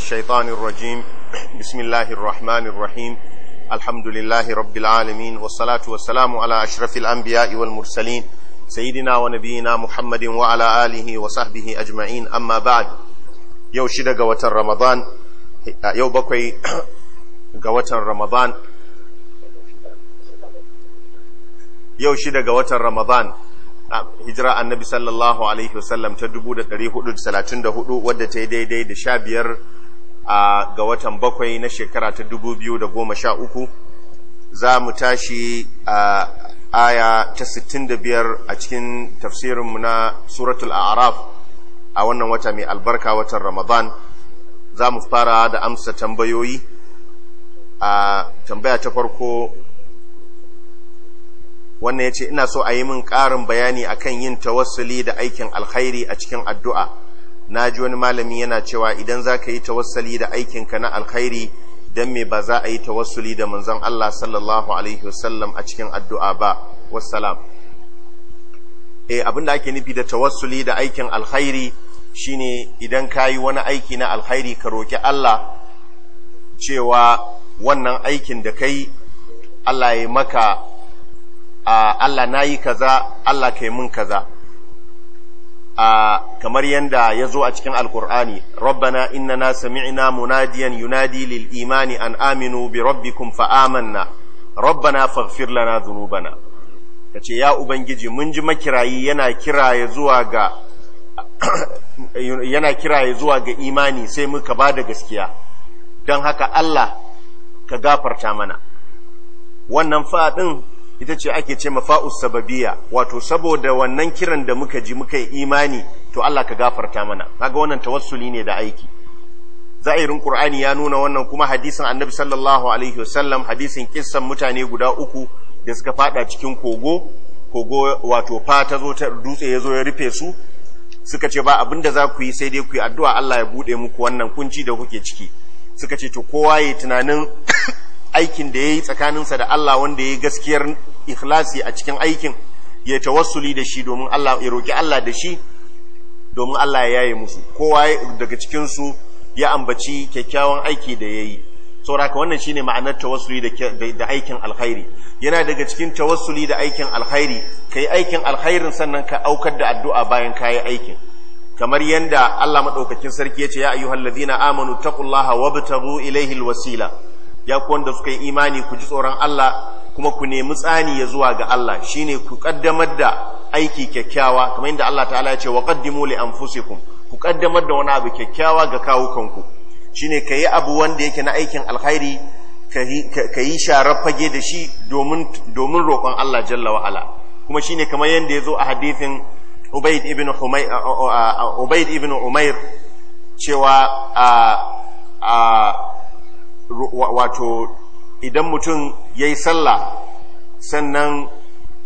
الشيطان الرجيم بسم الله الرحمن الرحيم الحمد لله رب العالمين والصلاة والسلام على أشرف الأنبياء والمرسلين سيدنا ونبينا محمد وعلى آله وصحبه أجمعين أما بعد يو شدق وتر رمضان يو بكوي قوتر رمضان يو شدق وتر رمضان hijira annabi sallallahu alaihi wasallam ta 1434 wadda ta yi daidai da sha biyar a ga watan bakwai na shekara ta dubu biyu da goma sha uku za mu tashi a aya ta sittin da biyar a cikin tafsirinmu na suratul araf a wannan wata mai albarka watan ramadan za mu fara da amsa tambayoyi a tambaya ta farko wannan ya ce ina so a yi min ƙarin bayani akan yin tawassuli da aikin alkhairi a cikin addu'a na ji wani malami yana cewa idan za ka yi tawassali da aikinka na alkhairi don me ba za a yi tawassuli da manzon Allah sallallahu alaihi wasallam a cikin addu'a ba wassalam e abin da ake nufi da tawassuli da aikin alkhairi shi ne idan ka yi wani aiki na alkhairi ka roƙi Allah cewa wannan aikin da kai Allah ya maka Allah na yi kaza Allah ka yi mun kaza kamar yadda ya zo a cikin alkur'ani rabbana innana sami'ina munadiyan yunadi lil imani an aminu bi rabbikum fa amanna rabbana faghfir lana dhunubana kace ya ubangiji mun ji makirayi yana kira zuwa ga yana kira ya zuwa ga imani sai muka ba da gaskiya don haka Allah ka gafarta mana wannan fadin ita ce ake ce mafa'us sababiyya wato saboda wannan kiran da muka ji muka yi imani to Allah ka gafarta mana kaga wannan tawassuli ne da aiki za'irin qur'ani ya nuna wannan kuma hadisin annabi sallallahu alaihi wasallam hadisin kissan mutane guda uku da suka fada cikin kogo kogo wato fa ta zo ta dutse ya zo ya rufe su suka ce ba abin da za ku yi sai dai ku yi addu'a Allah ya bude muku wannan kunci da kuke ciki suka ce to kowa ya tunanin aikin da yayi yi tsakaninsa da Allah wanda yayi gaskiyar ikhlasi a cikin aikin ya tawassuli da shi domin Allah ya roki Allah da shi domin Allah ya yi musu kowa daga cikinsu ya ambaci kyakkyawan aiki da yayi sauraka wannan shine ma'anar tawassuli da aikin alkhairi yana daga cikin tawassuli da aikin alkhairi kai aikin alkhairin sannan ka aukar da addu'a bayan yi aikin kamar yadda Allah madaukakin sarki yace ya ayyuhallazina amanu taqullaha wabtagu ilayhi alwasila ya ku wanda suka yi imani ku ji tsoron Allah kuma ku nemi tsani ya zuwa ga Allah shine ku kaddamar da aiki kyakkyawa kamar yadda Allah ta'ala ya ce wa qaddimu li anfusikum ku kaddamar da wani abu kyakkyawa ga kawukanku shine yi abu wanda yake na aikin alkhairi ka yi sharar fage da shi domin domin roƙon Allah jalla wa ala kuma shine kamar yadda ya zo a hadithin ubaid ibn Humayr ibn Umair cewa a wato idan mutum ya yi sallah sannan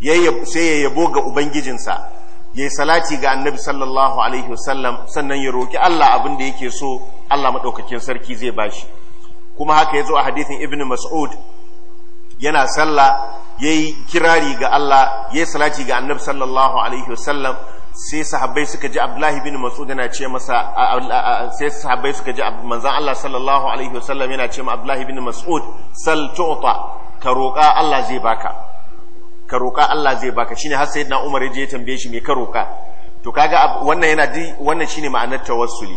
sai ya yabo ga ubangijinsa ya yi salati ga annabi sallallahu alaihi wasallam sannan ya roƙi Allah abin da yake so Allah maɗaukakin sarki zai ba shi kuma haka ya zo a hadithin ibn mas'ud yana sallah ya yi kirari ga Allah ya yi salati ga annabi sallallahu alaihi wasallam sai sahabbai suka ji abdullahi bin mas'ud yana ce masa sai sahabbai suka ji manzon Allah sallallahu alaihi wasallam yana ce ma abdullahi bin mas'ud sal tu'ta ka roƙa Allah zai baka ka roƙa Allah zai baka shine har sayyidina Umar ya je tambaye shi me ka roƙa to kaga wannan yana di wannan shine ma'anar tawassuli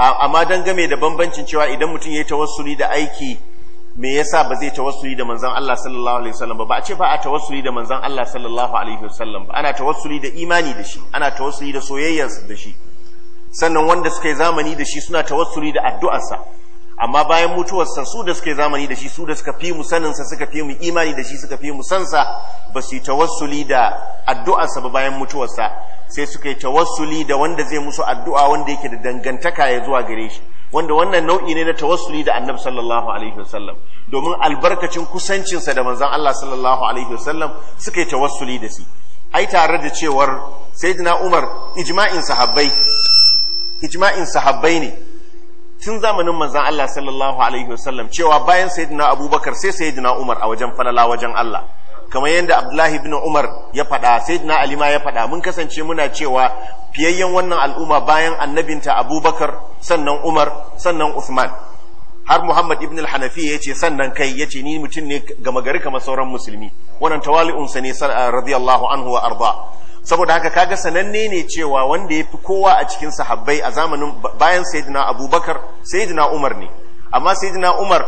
amma dangane da bambancin cewa idan mutum yayi tawassuli da aiki me yasa ba zai tawassuli da manzon Allah sallallahu alaihi wasallam ba ba a ce ba a tawassuli da manzon Allah sallallahu alaihi wasallam ba ana tawassuli da imani da shi ana tawassuli da soyayyarsa da shi sannan wanda suka yi zamani da shi suna tawassuli da addu'arsa amma bayan mutuwarsa su da suke zamani da shi su da suka fi mu saninsa suka fi mu imani da shi suka fi mu sansa ba su yi tawassuli da addu'arsa ba bayan mutuwarsa sai suka yi tawassuli da wanda zai musu addu'a wanda yake da dangantaka ya zuwa gare shi wanda wannan nau'i ne na tawassuli da annabi sallallahu alaihi wasallam domin albarkacin kusancinsa da manzon Allah sallallahu alaihi wasallam suka yi tawassuli da shi ai tare da cewar sayyidina Umar ijma'in sahabbai ijma'in sahabbai ne tun zamanin manzan Allah sallallahu alaihi wasallam cewa bayan sayyidina abubakar sai sayyidina umar a wajen falala wajen Allah kamar yadda abdullahi bin umar ya faɗa sayyidina ali ma ya faɗa mun kasance muna cewa fiyayyen wannan al'umma bayan annabinta abubakar sannan umar sannan usman har muhammad ibn al-hanafi ya ce sannan kai ya ce ni mutum ne gama gari kamar sauran musulmi wannan tawali'unsa ne radiyallahu anhu wa arda saboda haka kaga sananne ne cewa wanda ya fi kowa a cikin sahabbai a zamanin bayan sayyidina abubakar sayyidina umar ne amma sayyidina umar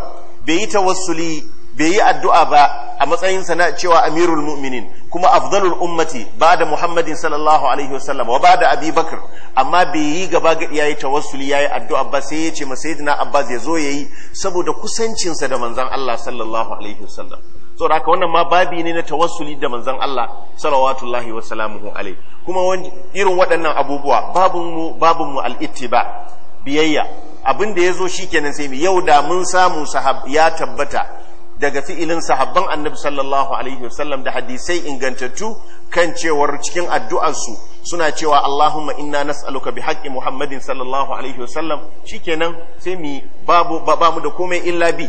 bai yi tawassuli bai yi addu'a ba a matsayin sana cewa amirul mu'minin kuma afdalul ummati ba da muhammadin sallallahu alaihi wasallam wa ba da abubakar amma bai yi gaba ga yayi tawassuli yayi addu'a ba sai ya ce ma sayyidina abbas ya zo yayi saboda kusancinsa da manzon Allah sallallahu alaihi wasallam saboda haka wannan ma babi ne na tawassuli da manzon Allah salawatullahi wa salamuhu kuma irin waɗannan abubuwa babun mu babun mu al-ittiba biyayya abin da yazo shikenan sai mu yau da mun samu sahab ya tabbata daga fi'ilin sahabban annabi sallallahu alaihi wasallam da hadisai ingantattu kan cewar cikin addu'arsu suna cewa Allahumma inna nas'aluka bi haqqi Muhammadin sallallahu alaihi wasallam shikenan sai mu babu ba da komai illa bi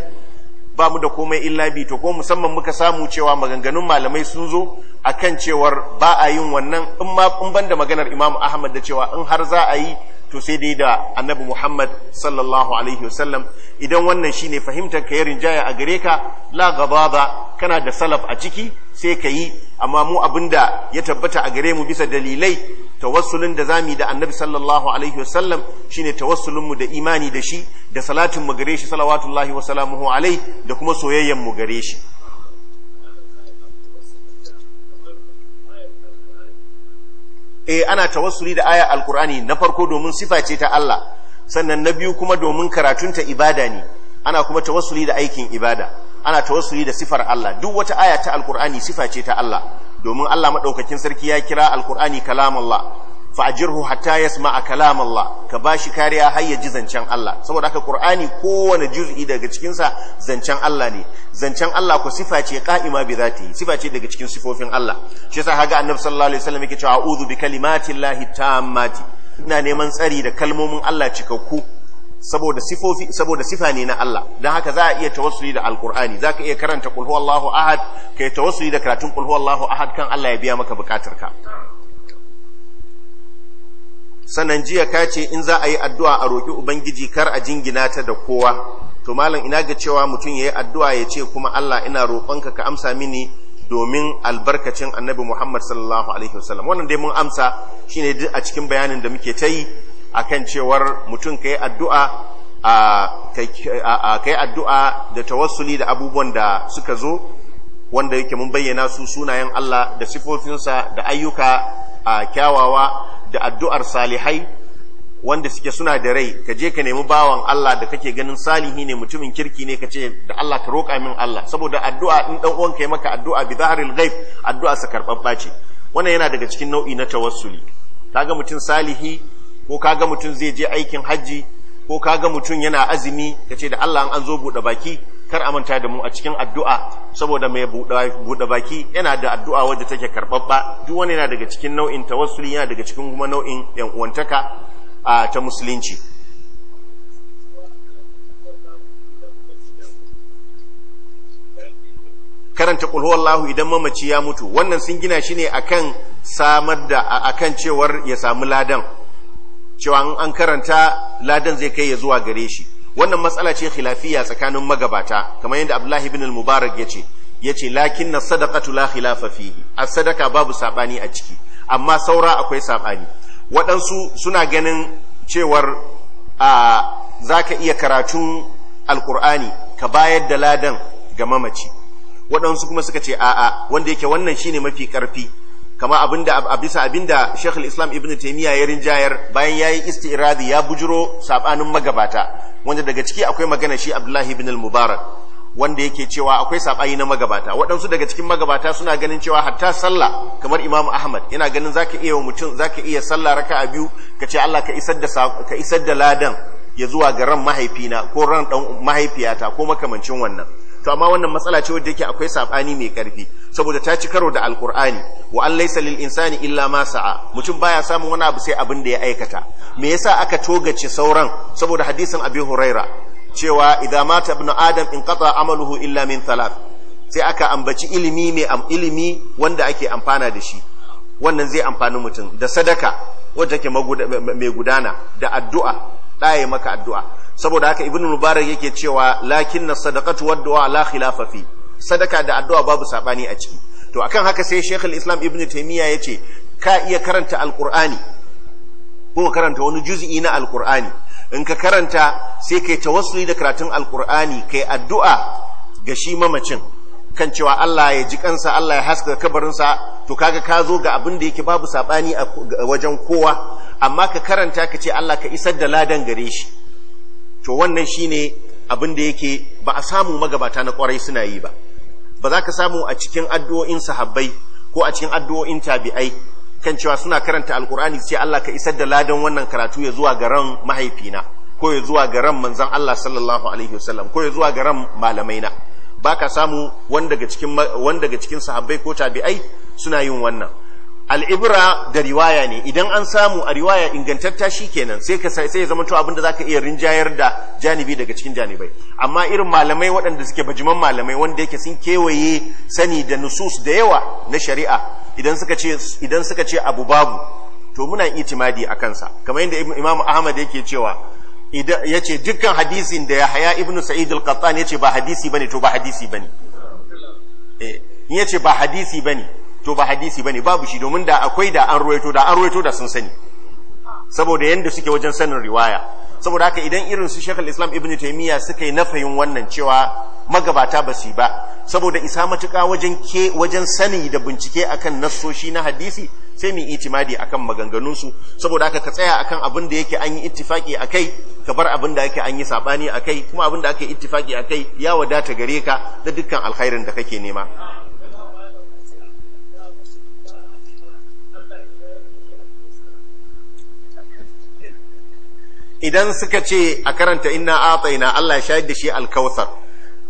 ba mu da komai illa bi to ko musamman muka samu cewa maganganun malamai sun zo akan cewar ba a yin wannan in ma in banda maganar Imam Ahmad da cewa in har za a yi to sai dai da Annabi Muhammad sallallahu alaihi wasallam idan wannan shine fahimtar ka yarin jaya a gare ka la gababa kana da salaf a ciki sai ka yi amma mu abinda ya tabbata a gare mu bisa dalilai tawassulin da zamu da annabi sallallahu alaihi wasallam shine tawassulin mu da imani da shi da salatin mu gare shi salawatullahi wa salamuhu alaihi da kuma soyayyen mu gare shi eh ana tawassuli da aya alqur'ani na farko domin sifa ce ta Allah sannan na biyu kuma domin ta ibada ne ana kuma tawassuli da aikin ibada ana tawassuli da sifar Allah duk wata aya ta alqur'ani sifa ce ta Allah domin Allah maɗaukakin sarki ya kira alkur'ani kalamallah fa'ajirhu hatta yasma'a kalamallah Allah ka bashi kariya har ya ji zancen Allah saboda haka Qur'ani kowane juz'i daga cikin sa zancen Allah ne zancen Allah ko sifa ce qa'ima bi zati sifa ce daga cikin sifofin Allah shi yasa haga Annabi sallallahu alaihi wasallam yake cewa a'udhu bi kalimati tammati ina neman tsari da kalmomin Allah cikakku saboda sifofi saboda sifa ne na Allah dan haka za a iya tawassuli da alqur'ani ka iya karanta qul huwallahu ahad kai tawassuli da karatun qul huwallahu ahad kan Allah ya biya maka bukatarka sanan jiya ka ce in za a yi addu'a a roki ubangiji kar a jingina ta da kowa to malam ina ga cewa mutum ya yi addu'a ya ce kuma Allah ina roƙonka ka amsa mini domin albarkacin annabi Muhammad sallallahu alaihi wasallam wannan dai mun amsa shine duk a cikin bayanin da muke ta yi akan cewar mutum kai addu'a a kai addu'a da tawassuli da abubuwan da suka zo wanda yake mun bayyana su sunayen Allah da sifofinsa da ayyuka a kyawawa da addu'ar salihai wanda suke suna da rai ka je ka nemi bawan Allah da kake ganin salihi ne mutumin kirki ne ka ce da Allah ka roƙa min Allah saboda addu'a in dan uwan kai maka addu'a bi zaharil ghaib addu'a sa karbabba ce wannan yana daga cikin nau'i na tawassuli kaga mutum salihi ko kaga mutum zai je aikin hajji ko kaga mutum yana azumi kace da Allah an zo buɗe baki kar a manta da mu a cikin addu'a saboda mai buɗe baki yana da addu'a wadda take karɓaɓɓa duk wani yana daga cikin nau'in tawassuli yana daga cikin kuma nau'in yan uwantaka ta musulunci karanta huwallahu idan mamaci ya mutu wannan sun gina shi ne akan samar da akan cewar ya samu ladan cewa an karanta ladan zai kai ya zuwa gare shi wannan matsala ce khilafiya tsakanin magabata kamar yadda Abdullahi ibn al-Mubarak yace yace lakinna sadaqatu la khilafa fihi as-sadaqa babu sabani a ciki amma saura akwai sabani waɗansu suna ganin cewar a zaka iya karatun alkur'ani ka bayar da ladan ga mamaci waɗansu kuma suka ce a'a wanda yake wannan shine mafi karfi kamar abinda a bisa abinda Sheikh islam Ibn Taymiyyah ya rinjayar bayan yayi isti'radi ya bujiro sabanin magabata wanda daga ciki akwai magana shi Abdullahi ibn al-Mubarak wanda yake cewa akwai sabani na magabata waɗansu daga cikin magabata suna ganin cewa hatta sallah kamar Imam Ahmad yana ganin zaka iya wa mutum zaka iya sallah raka'a biyu ka ce allah ka isar da ladan ya zuwa ga ran mahaifina ko ran dan mahaifiyata ko makamancin wannan to amma wannan matsala ce wadda yake akwai sabani mai karfi saboda ta ci karo da alqur'ani wa an laysa lil insani illa ma sa'a mutum baya samun wani abu sai abin da ya aikata me yasa aka togace sauran saboda hadisin abi huraira cewa idza mata ibnu adam inqata amaluhu illa min thalath sai aka ambaci ilimi mai am ilimi wanda ake amfana da shi wannan zai amfani mutum da sadaka wadda take mai gudana da addu'a daya maka addu'a saboda haka ibnu mubarak yake cewa lakin na sadaqatu wa du'a la khilafa fi sadaka da addu'a babu sabani a ciki to akan haka sai shaykh al-islam ibn taymiya yace ka iya karanta alqur'ani ko karanta wani juz'i na alqur'ani in ka karanta sai kai tawassuli da karatun alqur'ani kai addu'a ga shi mamacin kan cewa Allah ya ji kansa Allah ya haska kabarinsa to kaga ka zo ga abin da yake babu sabani a wajen kowa amma ka karanta ka ce Allah ka isar da ladan gare shi to wannan shine abin da yake ba a samu magabata na kwarai suna yi ba ba za ka samu a cikin addu'o'in sahabbai ko a cikin addu'o'in tabi'ai kan cewa suna karanta alkur'ani sai Allah ka isar da ladan wannan karatu ya zuwa ga ran mahaifina ko ya zuwa ga ran manzon Allah sallallahu alaihi wasallam ko ya zuwa ga ran malamaina baka samu wanda daga cikin sahabbai ko tabi'ai suna yin wannan al'ibra da riwaya ne idan an samu a riwaya ingantatta kenan sai ka sai ya zama to da zaka iya rinjayar da janibi daga cikin janibai amma irin malamai waɗanda suke bajiman malamai wanda yake sun kewaye sani da nusus da yawa na shari'a idan suka ce abu babu to muna itimadi a kansa kamar yadda imam ahmad yake cewa ya ce dukkan hadisin da ya haya ibn sa'id al-qattan ya ce ba hadisi bane to ba hadisi bane eh ya ce ba hadisi bane to ba hadisi bane babu shi domin da akwai da an ruwaito da an ruwaito da sun sani saboda yadda suke wajen sanin riwaya saboda haka idan irin su shekul islam ibn taimiyya suka yi nafayin wannan cewa magabata ba su ba saboda isa matuƙa wajen ke wajen sani da bincike akan nassoshi na hadisi sai mu itimadi akan maganganun su saboda haka ka tsaya akan abin da yake an yi ittifaki akai ka bar abin da yake an yi sabani akai kuma abin da ake ittifaki akai ya wadata gare ka da dukkan alkhairin da kake nema idan suka ce a karanta inna ataina Allah ya shayar da shi alkawthar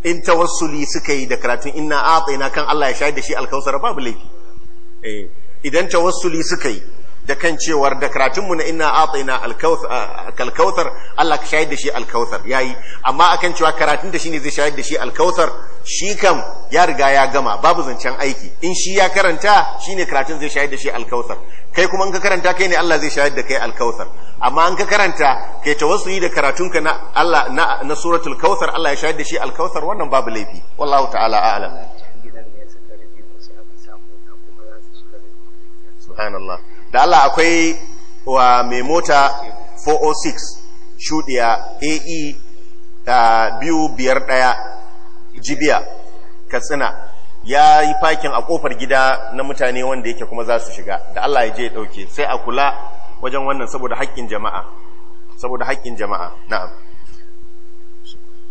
in tawassuli suka yi da karatun inna ataina kan Allah ya shayar da shi alkawthar babu laifi eh idan tawassuli suka yi da kan cewar da karatunmu na ina atsina alkautar Allah ka shayar da shi alkautar yayi amma akan cewa karatun da shi ne zai shayar da shi alkautar shi kam ya riga ya gama babu zancen aiki in shi ya karanta shi ne karatun zai shayar da shi alkautar kai kuma in ka karanta kai ne Allah zai shayar da kai alkautar amma in ka karanta kai ta wasu yi da karatunka na Allah na, na suratul kautar Allah ya shayar da shi alkautar wannan babu laifi wallahu ta'ala a'lam subhanallah da Allah akwai wa mai mota 406 shudiya ae biyu biyar daya jibiya katsina ya yi fakin a kofar gida na mutane wanda yake kuma za su shiga da Allah ya je ya ɗauke sai a kula wajen wannan saboda haƙƙin jama'a saboda haƙƙin jama'a na'am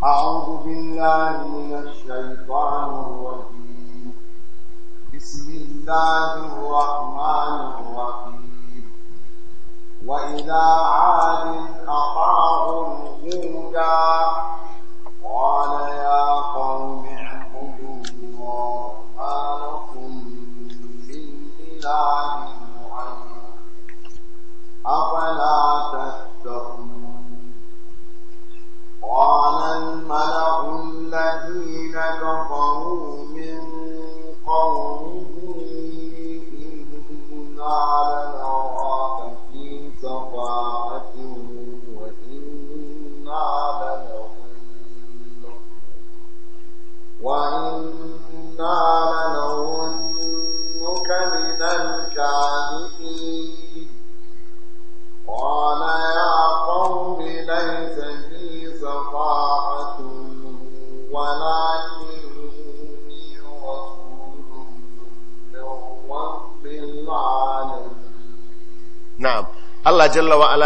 a'udhu billahi minash shaitanir rajim بسم الله الرحمن الرحيم وإذا عاد أطاعوا الهدى قال يا قوم اعبدوا الله ما لكم من إله غيره أفلا تتقون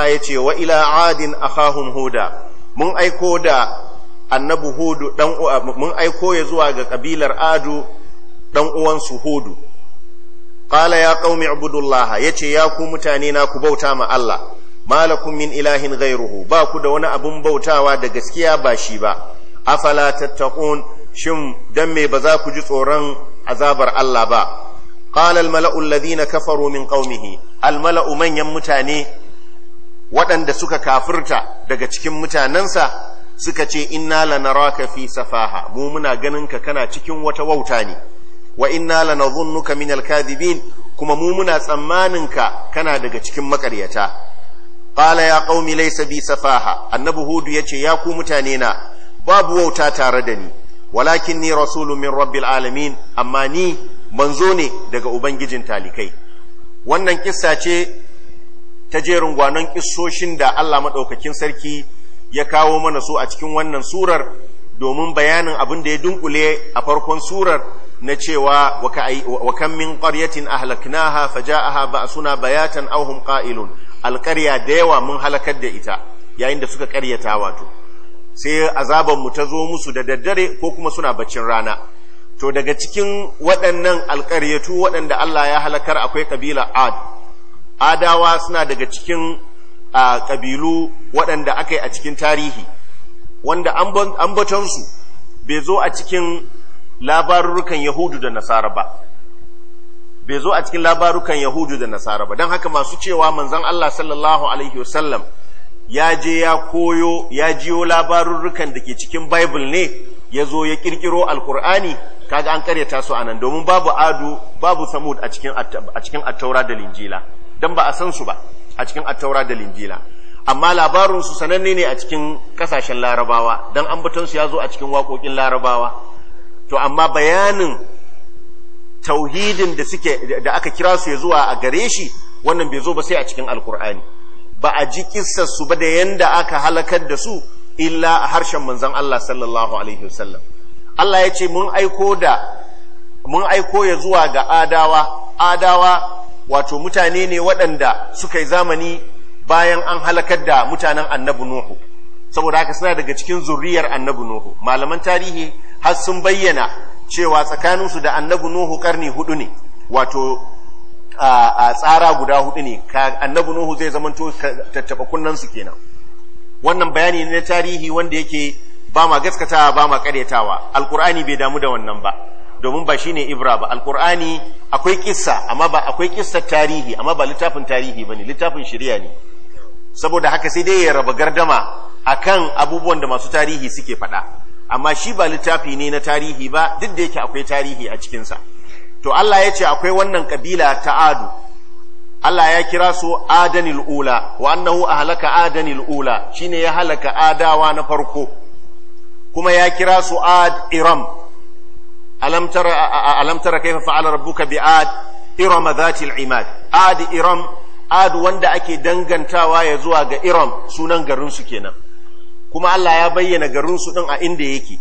ya ce wa ila adin kahun huda mun aiko da annabu hudu mun aiko ya zuwa ga kabilar adu dan uwansu hudu ƙala ya qaumi ya yace ya ku mutane na ku bauta ma Allah malakun min ilahin gairuhu ba ku da wani abun bautawa da gaskiya ba shi ba a falatattakun shin dan mai ba za ku ji tsoron azabar Allah ba ƙalal mala’ul ladina kafaro min ƙaumihi al mala'u manyan mutane waɗanda suka kafirta daga cikin mutanensa suka ce inna lanaraka fi safaha mu muna ganin ka kana cikin wata wauta ne wa inna lanadhunnuka minal kadhibin kuma mu muna tsammanin ka kana daga cikin makaryata qala ya qaumi laysa bi safaha annabi hudu yace ya ku mutane na babu wauta tare da ni walakin ni rasulun min rabbil alamin amma ni manzo ne daga ubangijin talikai wannan kissa ce ta jerin gwanon kissoshin da Allah maɗaukakin sarki ya kawo mana su a cikin wannan surar domin bayanin abin da ya dunkule a farkon surar na cewa wa kan min a ahlaknaha faja'aha suna bayatan aw hum qa'ilun da yawa mun halakar da ita yayin da suka karyata wato sai azaban mu ta zo musu da daddare ko kuma suna baccin rana to daga cikin waɗannan alƙaryatu waɗanda Allah ya halakar akwai kabila Ad adawa suna daga cikin ƙabilu waɗanda aka yi a cikin tarihi wanda ambatonsu bai zo a cikin labarurukan yahudu da nasara ba bai zo a cikin labarukan yahudu da nasara ba don haka masu cewa manzan allah sallallahu alaihi wasallam ya je ya koyo ya jiyo labarurrukan da ke cikin bible ne ya zo ya kirkiro alkur'ani kaga an karyata su anan domin babu adu babu samud a cikin attaura da linjila dan ba a san su ba a cikin attaura da linjila amma labarin su sananne ne a cikin kasashen larabawa dan ambaton su ya zo a cikin waƙoƙin larabawa to amma bayanin tauhidin da suke da aka kira su ya zuwa a gare shi wannan bai zo ba sai a cikin alkur'ani ba a ji kissar su ba da yanda aka halakar da su illa a harshen manzon Allah sallallahu alaihi wasallam Allah ya ce mun aiko da mun aiko ya zuwa ga adawa adawa wato mutane ne waɗanda suka yi zamani bayan an halakar da mutanen annabi nuhu saboda haka suna daga cikin zurriyar annabi nuhu malaman tarihi har sun bayyana cewa tsakaninsu da annabi nuhu karni hudu ne wato a tsara guda hudu ne annabi nuhu zai zamanto tattaba kunnansu kenan wannan bayani ne na tarihi wanda yake ba ma gaskatawa ba ma karyatawa alkur'ani bai damu da wannan ba domin ba shine ibra ba alqur'ani akwai kissa amma ba akwai kissa tarihi amma ba littafin tarihi bane littafin shari'a ne saboda haka sai dai ya raba gardama akan abubuwan da masu tarihi suke faɗa amma shi ba littafi ne na tarihi ba duk da yake akwai tarihi a cikinsa to Allah ya ce akwai wannan kabila ta adu Allah ya kira su adanil ula wa annahu ahlaka adanil ula shine ya halaka adawa na farko kuma ya kira su ad iram alam tara alam tara kaifa fa'ala rabbuka bi ad iram dhati al-imad wanda ake dangantawa ya zuwa ga Irom sunan garinsu kenan kuma Allah ya bayyana garinsu su a inda yake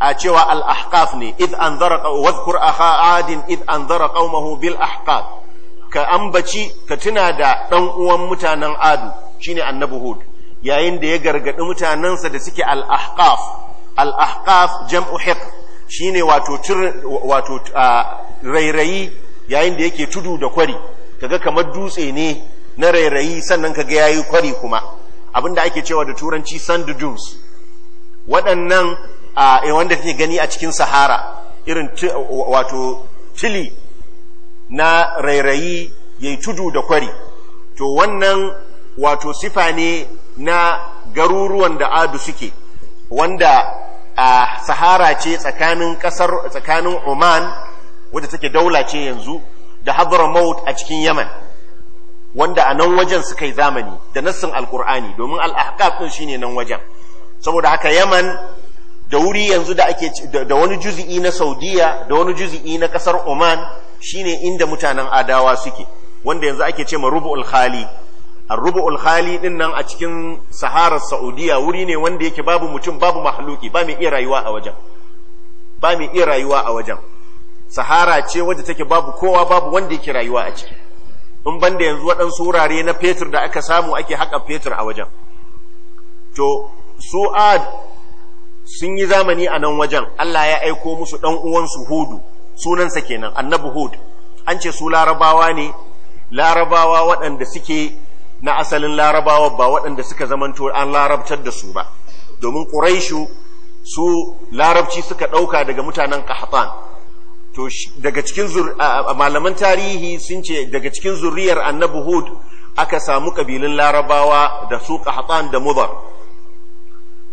a cewa al-ahqaf ne id anzara wa dhkur akha ad id anzara qaumahu bil ahqaf ka ambaci ka tuna da dan uwan mutanen adu shine annabi hud yayin da ya gargadi mutanansa da suke al-ahqaf al jam'u hiqq shine wato wato rairayi yayin da yake tudu da kwari kaga kamar dutse ne na rairayi sannan kaga yayi kwari kuma abinda ake cewa da turanci sand dunes waɗannan a eh, wanda take gani a cikin sahara irin wato tili na rairayi yayi tudu da kwari to wannan wato sifa ne na garuruwan da adu suke wanda a sahara ce tsakanin kasar tsakanin Oman wadda take daula ce yanzu da Hadramaut a cikin Yaman wanda a nan wajen suka yi zamani da nassin alkur'ani domin al ɗin din shine nan wajen saboda haka Yaman da wuri yanzu da ake da wani juzi'i na Saudiya da wani juzi'i na kasar Oman shine inda mutanen Adawa suke wanda yanzu ake ce ma Rubu'ul Khali ar-rubu'ul khali din nan a cikin sahara saudiya wuri ne wanda yake babu mutum babu mahluki ba mai iya rayuwa a wajen ba mai rayuwa a wajen sahara ce wadda take babu kowa babu wanda yake rayuwa a ciki in banda yanzu waɗansu wurare na fetur da aka samu ake haƙa fetur a wajen to su su'ad sun yi zamani a nan wajen Allah ya aiko musu ɗan uwansu hudu sunansa kenan annabi hud an ce su larabawa ne larabawa waɗanda suke na asalin larabawa ba waɗanda suka zamanto an larabtar da su ba domin ƙuraishu su larabci suka ɗauka daga mutanen ƙahatan daga cikin malaman tarihi sun ce daga cikin zuriyar annabi hud aka samu ƙabilun larabawa da su ƙahatan da mudar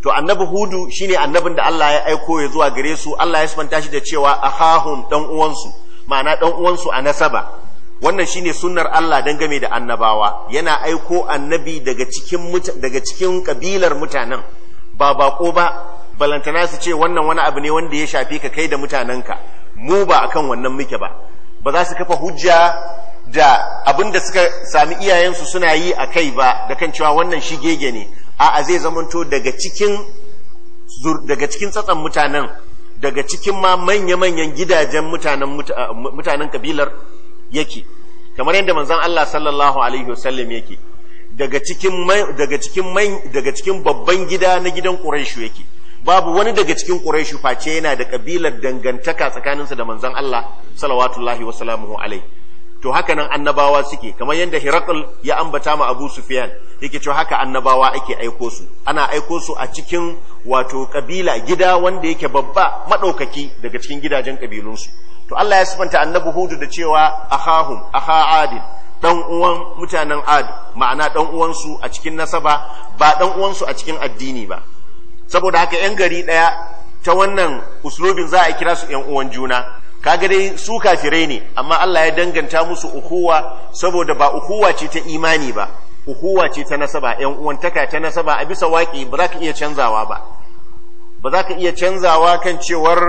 to annabi hudu shine annabin da Allah ya aiko ya zuwa gare su Allah ya sifanta shi da cewa ahahum ɗan uwansu ma'ana ɗan uwansu a nasaba wannan shine sunar Allah game da annabawa yana aiko annabi daga cikin daga cikin kabilar mutanen ba bako ba balantana su ce wannan wani abu ne wanda ya shafi ka kai da mutanenka mu ba akan wannan muke ba ba za su kafa hujja da abin da suka sami iyayensu suna yi a kai ba da kan cewa wannan shi gege ne a zai zamanto daga cikin daga cikin tsatsan mutanen daga cikin ma manya-manyan gidajen mutanen mutanen kabilar yake kamar yadda manzon Allah sallallahu alaihi wasallam yake daga cikin daga cikin daga cikin babban gida na gidan Quraishu yake babu wani daga cikin Quraishu face yana da kabilar dangantaka tsakaninsa da manzon Allah sallallahu wa alaihi to haka nan annabawa suke kamar yadda Hirakul ya ambata ma Abu Sufyan yake cewa haka annabawa ake aiko su ana aiko su a cikin wato kabila gida wanda yake babba madaukaki daga cikin gidajen kabilunsu to Allah ya sifanta annabi hudu da cewa ahahum aha adin dan uwan mutanen ad ma'ana dan uwansu a cikin nasaba ba dan uwansu a cikin addini ba saboda haka yan gari daya ta wannan uslubin za a kira su yan uwan juna kaga dai su kafirai ne amma Allah ya danganta musu ukuwa saboda ba ukuwa ce ta imani ba ukuwa ce ta nasaba yan uwantaka ta nasaba a bisa waki ba za ka iya canzawa ba ba za ka iya canzawa kan cewar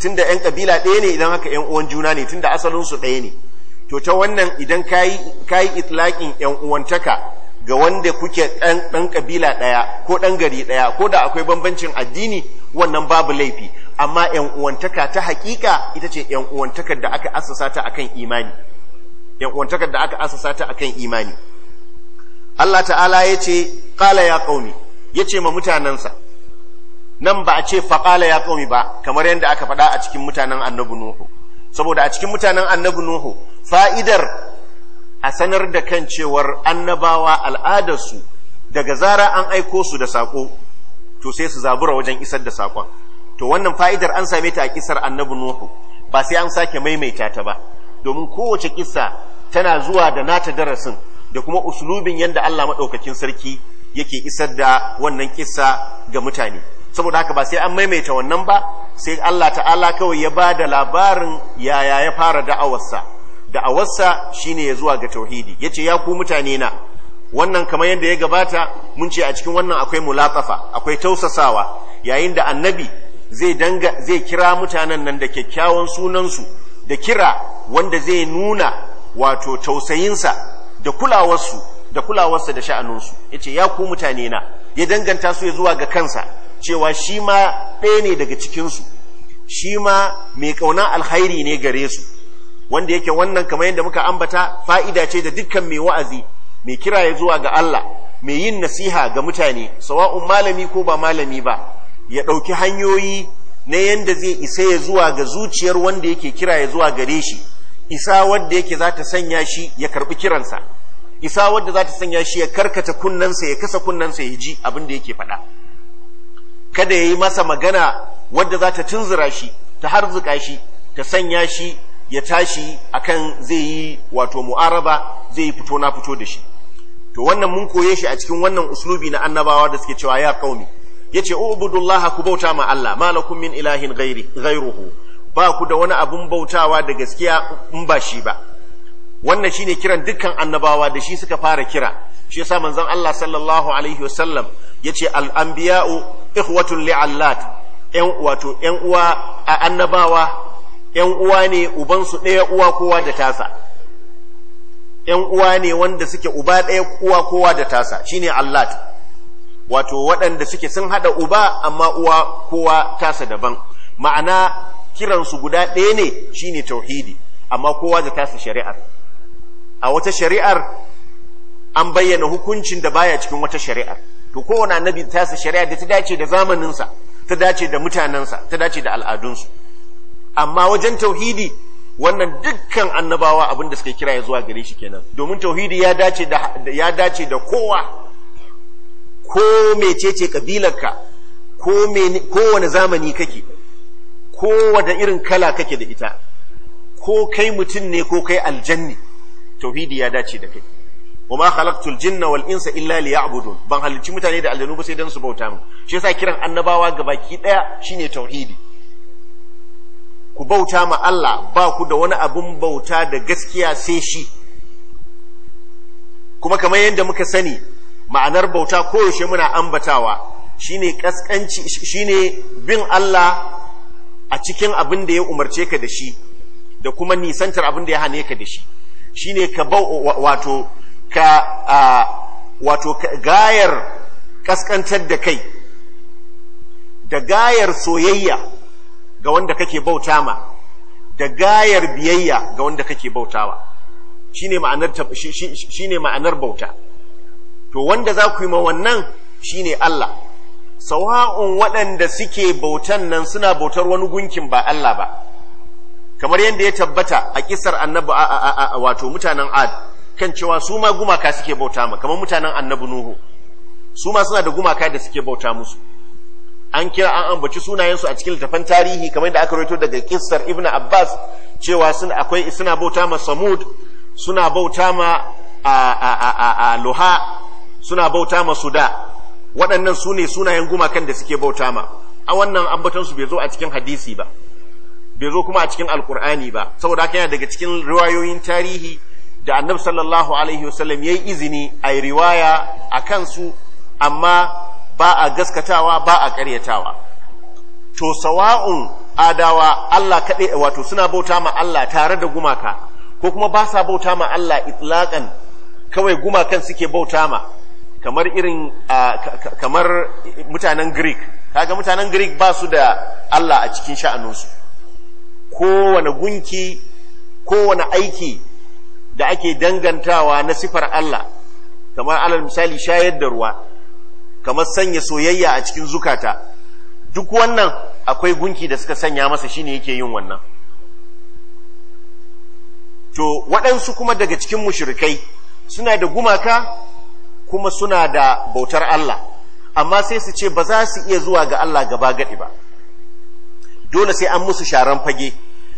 tunda yan kabila ɗaya ne idan haka yan uwan juna ne tunda asalin su ɗaya ne to ta wannan idan ka yi itlaqin yan uwantaka ga wanda kuke ɗan kabila ɗaya ko ɗan gari ɗaya ko da akwai bambancin addini wannan babu laifi amma yan uwantaka ta hakika ita ce yan uwantakar da aka asasata ta akan imani yan uwantakar da aka asasa ta akan imani Allah ta'ala yace qala ya qaumi yace ma mutanansa nan ba a ce faƙala ya ƙaumi ba kamar yadda aka faɗa a cikin mutanen annabi nuhu saboda a cikin mutanen annabi nuhu fa'idar a sanar da kan cewar annabawa al'adarsu daga zara an aiko su da saƙo to sai su zabura wajen isar da saƙon to wannan fa'idar an same ta a kisar annabi nuhu ba sai an sake maimaita ta ba domin kowace kisa tana zuwa da nata darasin da kuma usulubin yadda Allah maɗaukakin sarki yake isar da wannan kisa ga mutane saboda haka ba sai an maimaita wannan ba sai Allah ta'ala kawai ya ba da labarin yaya ya fara da'awarsa da'awarsa shine ya zuwa ga tauhidi yace ya ku mutane na wannan kamar yadda ya gabata mun ce a cikin wannan akwai mulatafa akwai tausasawa yayin da annabi zai danga zai kira mutanen nan da kyakkyawan sunansu da kira wanda zai nuna wato tausayinsa da kulawarsu da kulawarsa da sha'aninsu yace ya ku mutane na ya danganta su ya zuwa ga kansa cewa shi ma ɗaya ne daga cikinsu shi ma mai ƙaunar alhairi ne gare su wanda yake wannan kamar yadda muka ambata fa'ida ce da dukkan mai wa'azi mai kira ya zuwa ga Allah mai yin nasiha ga mutane sawa'un malami ko ba malami ba ya ɗauki hanyoyi na yadda zai isa ya zuwa ga zuciyar wanda yake kira ya zuwa gare shi isa wanda yake za ta sanya shi ya karɓi kiransa isa wadda za ta sanya shi ya karkata kunnansa ya kasa kunnansa ya ji abin da yake faɗa kada ya yi masa magana wadda za ta tunzura shi ta harzuka shi ta sanya shi ya tashi akan zai yi wato mu'araba zai yi fito na fito da shi to wannan mun koye shi a cikin wannan uslubi na annabawa da suke cewa ya qaumi yace ubudullaha ku bauta ma Allah malakum min ilahin ghairi ghairuhu ba ku da wani abun bautawa da gaskiya in ba shi ba wannan shine kiran dukkan annabawa da shi suka fara kira shi yasa manzon Allah sallallahu alaihi wasallam yace al anbiya'u ikhwatun li'allat yan wato yan uwa a annabawa yan uwa ne uban su ɗaya uwa kowa da tasa yan uwa ne wanda suke uba ɗaya uwa kowa da tasa shine allat wato waɗanda suke sun haɗa uba amma uwa kowa tasa daban ma'ana kiransu guda ɗaya ne shine tauhidi amma kowa da tasa shari'ar a wata shari'ar an bayyana hukuncin da baya cikin wata shari'ar to kowane annabi ta su shari'a da ta dace da zamaninsa ta dace da mutanensa ta dace da al'adunsu amma wajen tauhidi wannan dukkan annabawa abin da suka kira ya zuwa gare shi kenan domin tauhidi ya dace da ya dace da kowa ko mecece kabilarka ko me kowane zamani kake kowane irin kala kake da ita ko kai mutum ne ko kai aljanni tauhidi ya dace da kai wa ma khalaqtul jinna wal insa illa liya'budun ban halicci mutane da aljanu ba sai dan su bauta mu shi yasa kiran annabawa ga baki daya shine tauhidi ku bauta ma Allah ba ku da wani abun bauta da gaskiya sai shi kuma kamar yadda muka sani ma'anar bauta koyaushe muna ambatawa shine kaskanci shine bin Allah a cikin abin da ya umarce ka da shi da kuma nisantar abin da ya hane ka da shi shine ka bau wato ka wato gayar kaskantar da kai da gayar soyayya ga wanda kake bauta ma da gayar biyayya ga wanda kake bautawa shine ma'anar shine ma'anar bauta to wanda za ku yi ma wannan shine Allah sawa'un waɗanda suke bautan nan suna bautar wani gunkin ba Allah ba kamar yadda ya tabbata a kisar annabi wato mutanen Ad kan cewa su ma gumaka suke bauta ma kamar mutanen annabi nuhu su ma suna da gumaka da suke bauta musu an kira an ambaci sunayensu a cikin littafan tarihi kamar da aka rawaito daga kissar ibnu abbas cewa suna akwai suna bauta ma samud suna bauta ma a loha suna bauta ma suda waɗannan su ne sunayen gumakan da suke bauta ma a wannan ambatansu bai zo a cikin hadisi ba bai zo kuma a cikin alkur'ani ba saboda haka yana daga cikin riwayoyin tarihi da annabi sallallahu alaihi wasallam ya yi izini a yi riwaya a kansu amma ba a gaskatawa ba a karyatawa to sawa'un adawa Allah kaɗai wato suna bauta ma Allah tare da gumaka ko kuma ba sa bauta ma Allah itlaƙan kawai gumakan suke bauta ma kamar irin kamar mutanen greek kaga mutanen greek ba su da Allah a cikin sha'aninsu kowane gunki kowane aiki da ake dangantawa na sifar Allah kamar alal misali shayar da ruwa kamar sanya soyayya a cikin zukata duk wannan akwai gunki da suka sanya masa shine yake yin wannan to waɗansu kuma daga cikin mushrikai suna da gumaka kuma suna da bautar Allah amma sai su ce ba za su iya zuwa ga Allah gaba gadi ba dole sai an musu sharan fage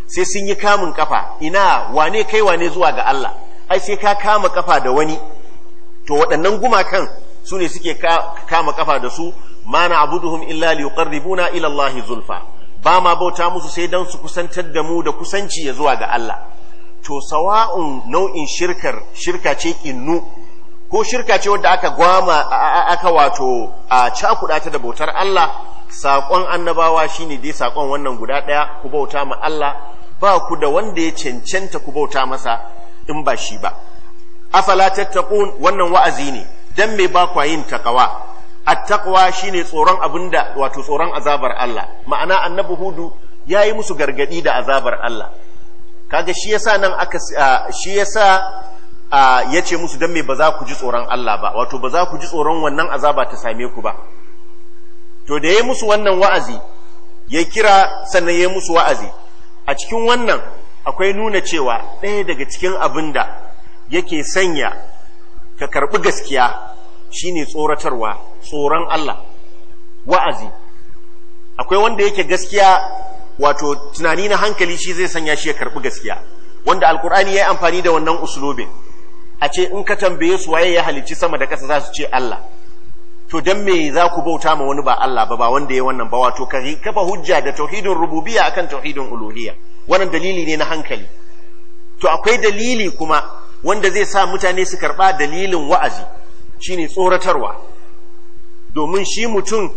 sai sun yi kamun kafa ina wane kai wane zuwa ga Allah ai sai ka kama kafa da wani to waɗannan gumakan su ne suke kama kafa da su ma na abuduhum illa liqarribuna ila Allah zulfa ba ma bauta musu sai dan su kusantar da mu da kusanci ya zuwa ga Allah to sawa'un nau'in shirkar shirka ce kinnu ko shirka ce wadda aka gwama aka wato a cakuɗa ta da bautar Allah saƙon annabawa shine dai saƙon wannan guda ɗaya ku bauta ma Allah ba ku da wanda ya cancanta ku bauta masa in ba shi ba afala tattaqun wannan wa'azi ne dan me ba kwa yin taqwa at-taqwa shine tsoron abinda wato tsoron azabar Allah ma'ana annabi hudu yayi musu gargadi da azabar Allah kaga shi yasa nan aka shi yasa ya ce musu don me ba za ku ji tsoron Allah ba wato ba za ku ji tsoron wannan azaba ta same ku ba to da ya musu wannan wa'azi ya kira sannan ya musu wa'azi a cikin wannan akwai nuna cewa ɗaya daga cikin abin da yake sanya ka karɓi gaskiya shine tsoratarwa tsoron Allah wa'azi akwai wanda yake gaskiya wato tunani na hankali shi zai sanya shi ya karɓi gaskiya wanda alkur'ani ya yi amfani da wannan usulobin a ce in ka tambaye su waye ya halicci sama da kasa za su ce Allah to dan me za ku bauta ma wani ba Allah ba ba wanda ya wannan ba wato ka kafa hujja da tauhidin rububiyya akan tauhidin uluhiyya wannan dalili ne na hankali to akwai dalili kuma wanda zai sa mutane su karba dalilin wa'azi shine tsoratarwa domin shi mutum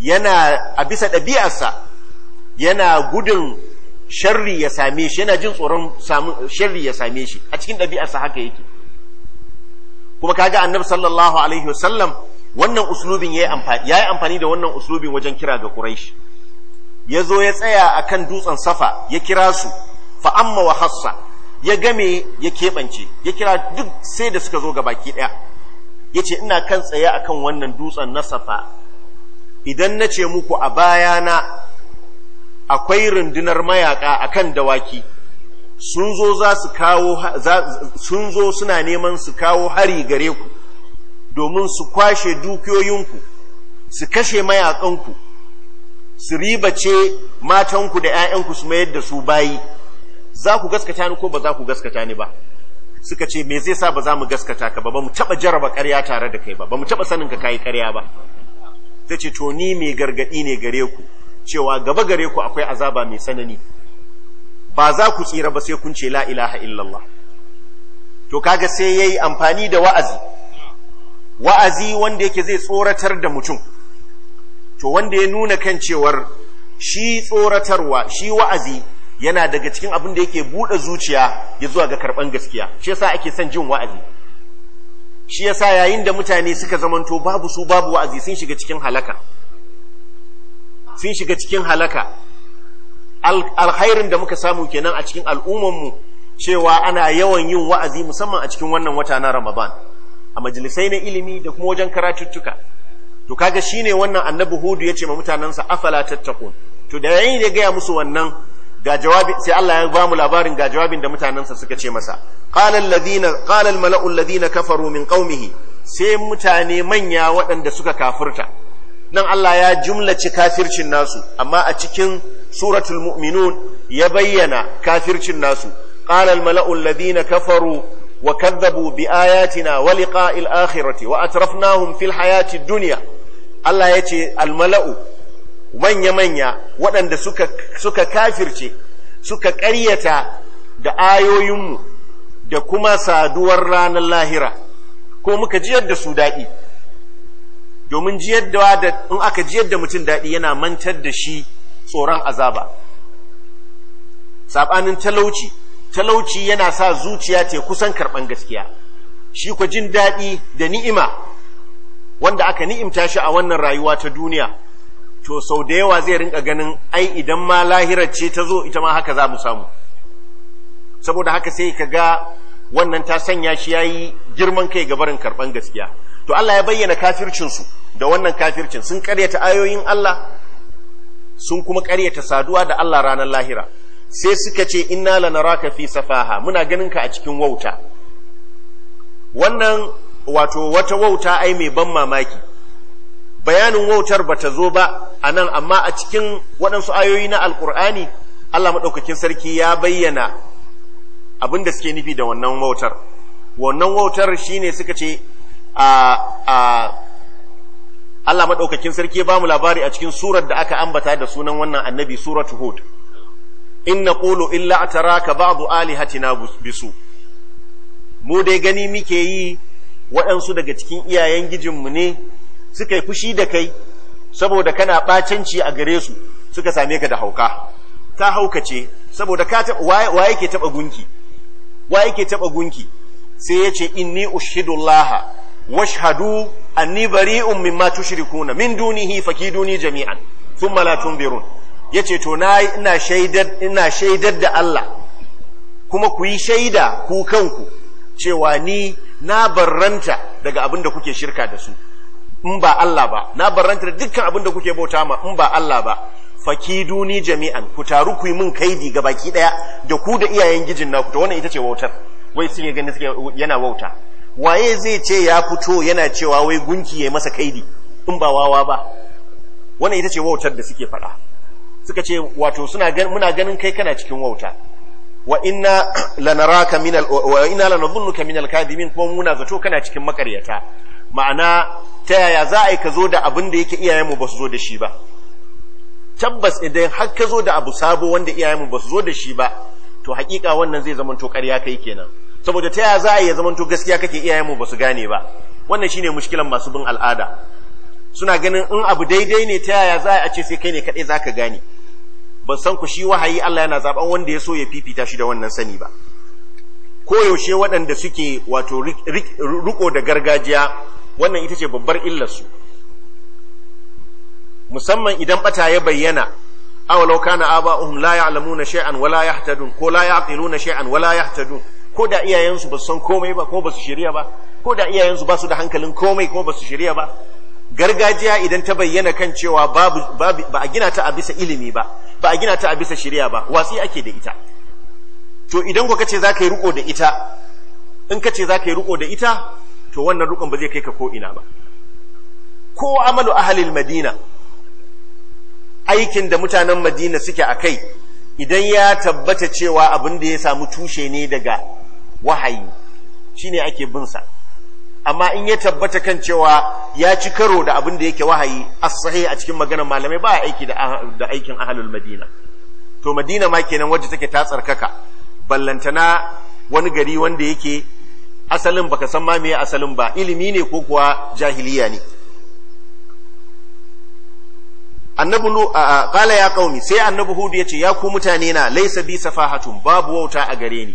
yana a bisa ɗabi'arsa yana gudun sharri ya same shi yana jin tsoron sharri ya same shi a cikin ɗabi'arsa haka yake kuma ka ga annabi sallallahu alaihi wasallam wannan uslubin yayi amfani yayi amfani da wannan uslubin wajen kira ga quraish ya zo ya tsaya akan dutsen safa ya kira su fa amma wa hassa ya game ya keɓance ya kira duk sai da suka zo ga baki ɗaya ya ce ina kan tsaye akan wannan dutsen na safa idan nace muku a bayana akwai rundunar mayaka akan dawaki sun zo suna neman su kawo hari gare ku domin su kwashe dukiyoyinku su kashe mayakanku su ribace matanku da 'ya'yanku su mayar da su bayi za ku gaskata ni ko ba za ku gaskata ni ba suka ce me zai sa ba za mu gaskata ka ba ba mu taɓa jaraba karya tare da kai ba ba mu taɓa sanin ka kayi karya ba ta ce to ni mai gargadi ne gare ku cewa gaba gare ku akwai azaba mai tsanani ba za ku tsira ba sai kun ce la ilaha illallah to kaga sai yayi amfani da wa'azi wa'azi wanda yake zai tsoratar da mutum to wanda ya nuna kan cewar shi tsoratarwa shi wa'azi yana daga cikin abin da yake bude zuciya ya zuwa ga karban gaskiya shi yasa ake son jin wa'azi shi yasa yayin da mutane suka zamanto babu su babu wa'azi sun shiga cikin halaka sun shiga cikin halaka alkhairin da muka samu kenan a cikin mu cewa ana yawan yin wa'azi musamman a cikin wannan wata na Ramadan a majalisai na ilimi da kuma wajen karatuttuka to kaga ne wannan annabi Hudu ya ce ma mutanansa afala tattaqun to da yayin da gaya musu wannan sai Allah ya ba mu labarin ga jawabin da mutanensa suka ce masa qala alladhina qala almala'u alladhina min qaumihi sai mutane manya waɗanda suka kafirta nan Allah ya jumlace kafircin nasu amma a cikin suratul mu'minun ya bayyana kafircin nasu qala al mala'u kafaru wa kadzabu bi ayatina wa liqa'il akhirati wa atrafnahum fil hayati dunya Allah yace al mala'u manya manya waɗanda suka suka kafirce suka ƙaryata da ayoyinmu da kuma saduwar ranar lahira ko muka jiyar da su daɗi domin jiyar da in aka jiyar da mutum daɗi yana mantar da shi tsoron azaba saɓanin talauci talauci yana sa zuciya ce kusan karɓan gaskiya shi kwa jin daɗi da ni'ima wanda aka ni'imta shi a wannan rayuwa ta duniya to sau da yawa zai rinka ganin ai idan ma lahirar ce ta zo ita ma haka za mu samu saboda haka sai ka ga wannan ta sanya shi ya yi girman kai gabarin barin karɓan gaskiya to Allah ya bayyana kafircinsu da wannan kafircin sun karyata ayoyin Allah sun kuma karyata saduwa da Allah ranar lahira sai suka ce inna lanaraka fi safaha muna ganin ka a cikin wauta wannan wato wata wauta ai mai ban mamaki bayanin wautar bata zo ba anan amma a cikin waɗansu ayoyi na alkur'ani Allah madaukakin sarki ya bayyana abin da suke nufi da wannan wautar wannan wautar shine suka ce Allah maɗaukakin sarki ba mu labari a cikin surar da aka ambata da sunan wannan annabi suratu hud in na illa a tara ka ba ali hatina bisu mu dai gani muke yi waɗansu daga cikin iyayen gijinmu ne suka yi fushi da kai saboda kana ɓacanci a gare su suka same ka da hauka ta haukace saboda wa yake taɓa gunki wa yake taɓa gunki sai yace ce inni ushidullaha washhadu anni bari'un mimma tushrikuna min dunihi fakiduni jami'an thumma la tunbirun yace to na ina shaidar ina shaidar da Allah kuma ku yi shaida ku kanku cewa ni na barranta daga abin da kuke shirka da su in ba Allah ba na barranta da dukkan abin da kuke bauta ma in ba Allah ba fakiduni jami'an ku taru ku yi min kaidi ga baki daya da ku da iyayen gijin naku to wannan ita ce wautar wai suke ganin suke yana wauta waye zai ce ya fito yana cewa wai gunki ya masa kaidi in ba wawa ba wannan ita ce wautar da suke faɗa suka ce wato suna muna ganin kai kana cikin wauta wa inna lanaraka min al wa inna lanadhunnuka min al kadimin kuma muna zato kana cikin makaryata ma'ana ta yaya za a yi ka zo da abin da yake iyayenmu ba su zo da shi ba tabbas idan har ka zo da abu sabo wanda iyayenmu ba su zo da shi ba to hakika wannan zai zama to ƙarya kai kenan saboda ta ya za a yi to gaskiya kake iyayenmu ba su gane ba wannan shine mushkilan masu bin al'ada suna ganin in abu daidai ne ta yaya za a ce sai kai ne kaɗai za ka gane ban san ku shi wahayi Allah yana zaɓan wanda ya so ya fifita shi da wannan sani ba koyaushe waɗanda suke wato riko da gargajiya wannan ita ce babbar illarsu musamman idan ɓata ya bayyana awalau kana aba'uhum la ya'lamuna shay'an wala yahtadun ko la ya'qiluna shay'an wala yahtadun ko da iyayensu ba su san komai ba kuma ba su shirya ba ko da iyayensu ba su da hankalin komai kuma ba su shirya ba gargajiya idan ta bayyana kan cewa ba a gina ta a bisa ilimi ba ba a gina ta a bisa shirya ba watsi ake da ita to idan ka ce za ka yi riko da ita in ka ce za ka yi riko da ita to wannan rukon ba zai kai ka ko'ina ba ko amalu ahalil madina aikin da mutanen madina suke a kai idan ya tabbata cewa abin da ya samu tushe ne daga wahayi shine ake bin sa amma in ya tabbata kan cewa ya ci karo da abin da yake wahayi asahi a cikin maganar malamai ba aiki da ah, aikin ahalul madina to madina ma kenan wadda take ta tsarkaka ballantana wani gari wanda yake asalin baka san ma me asalin ba ilimi ne ko kuwa jahiliya ne annabi nu kala ya kauni sai annabi ya ce ya ku mutane na laysa bi safahatun babu wauta a gare ni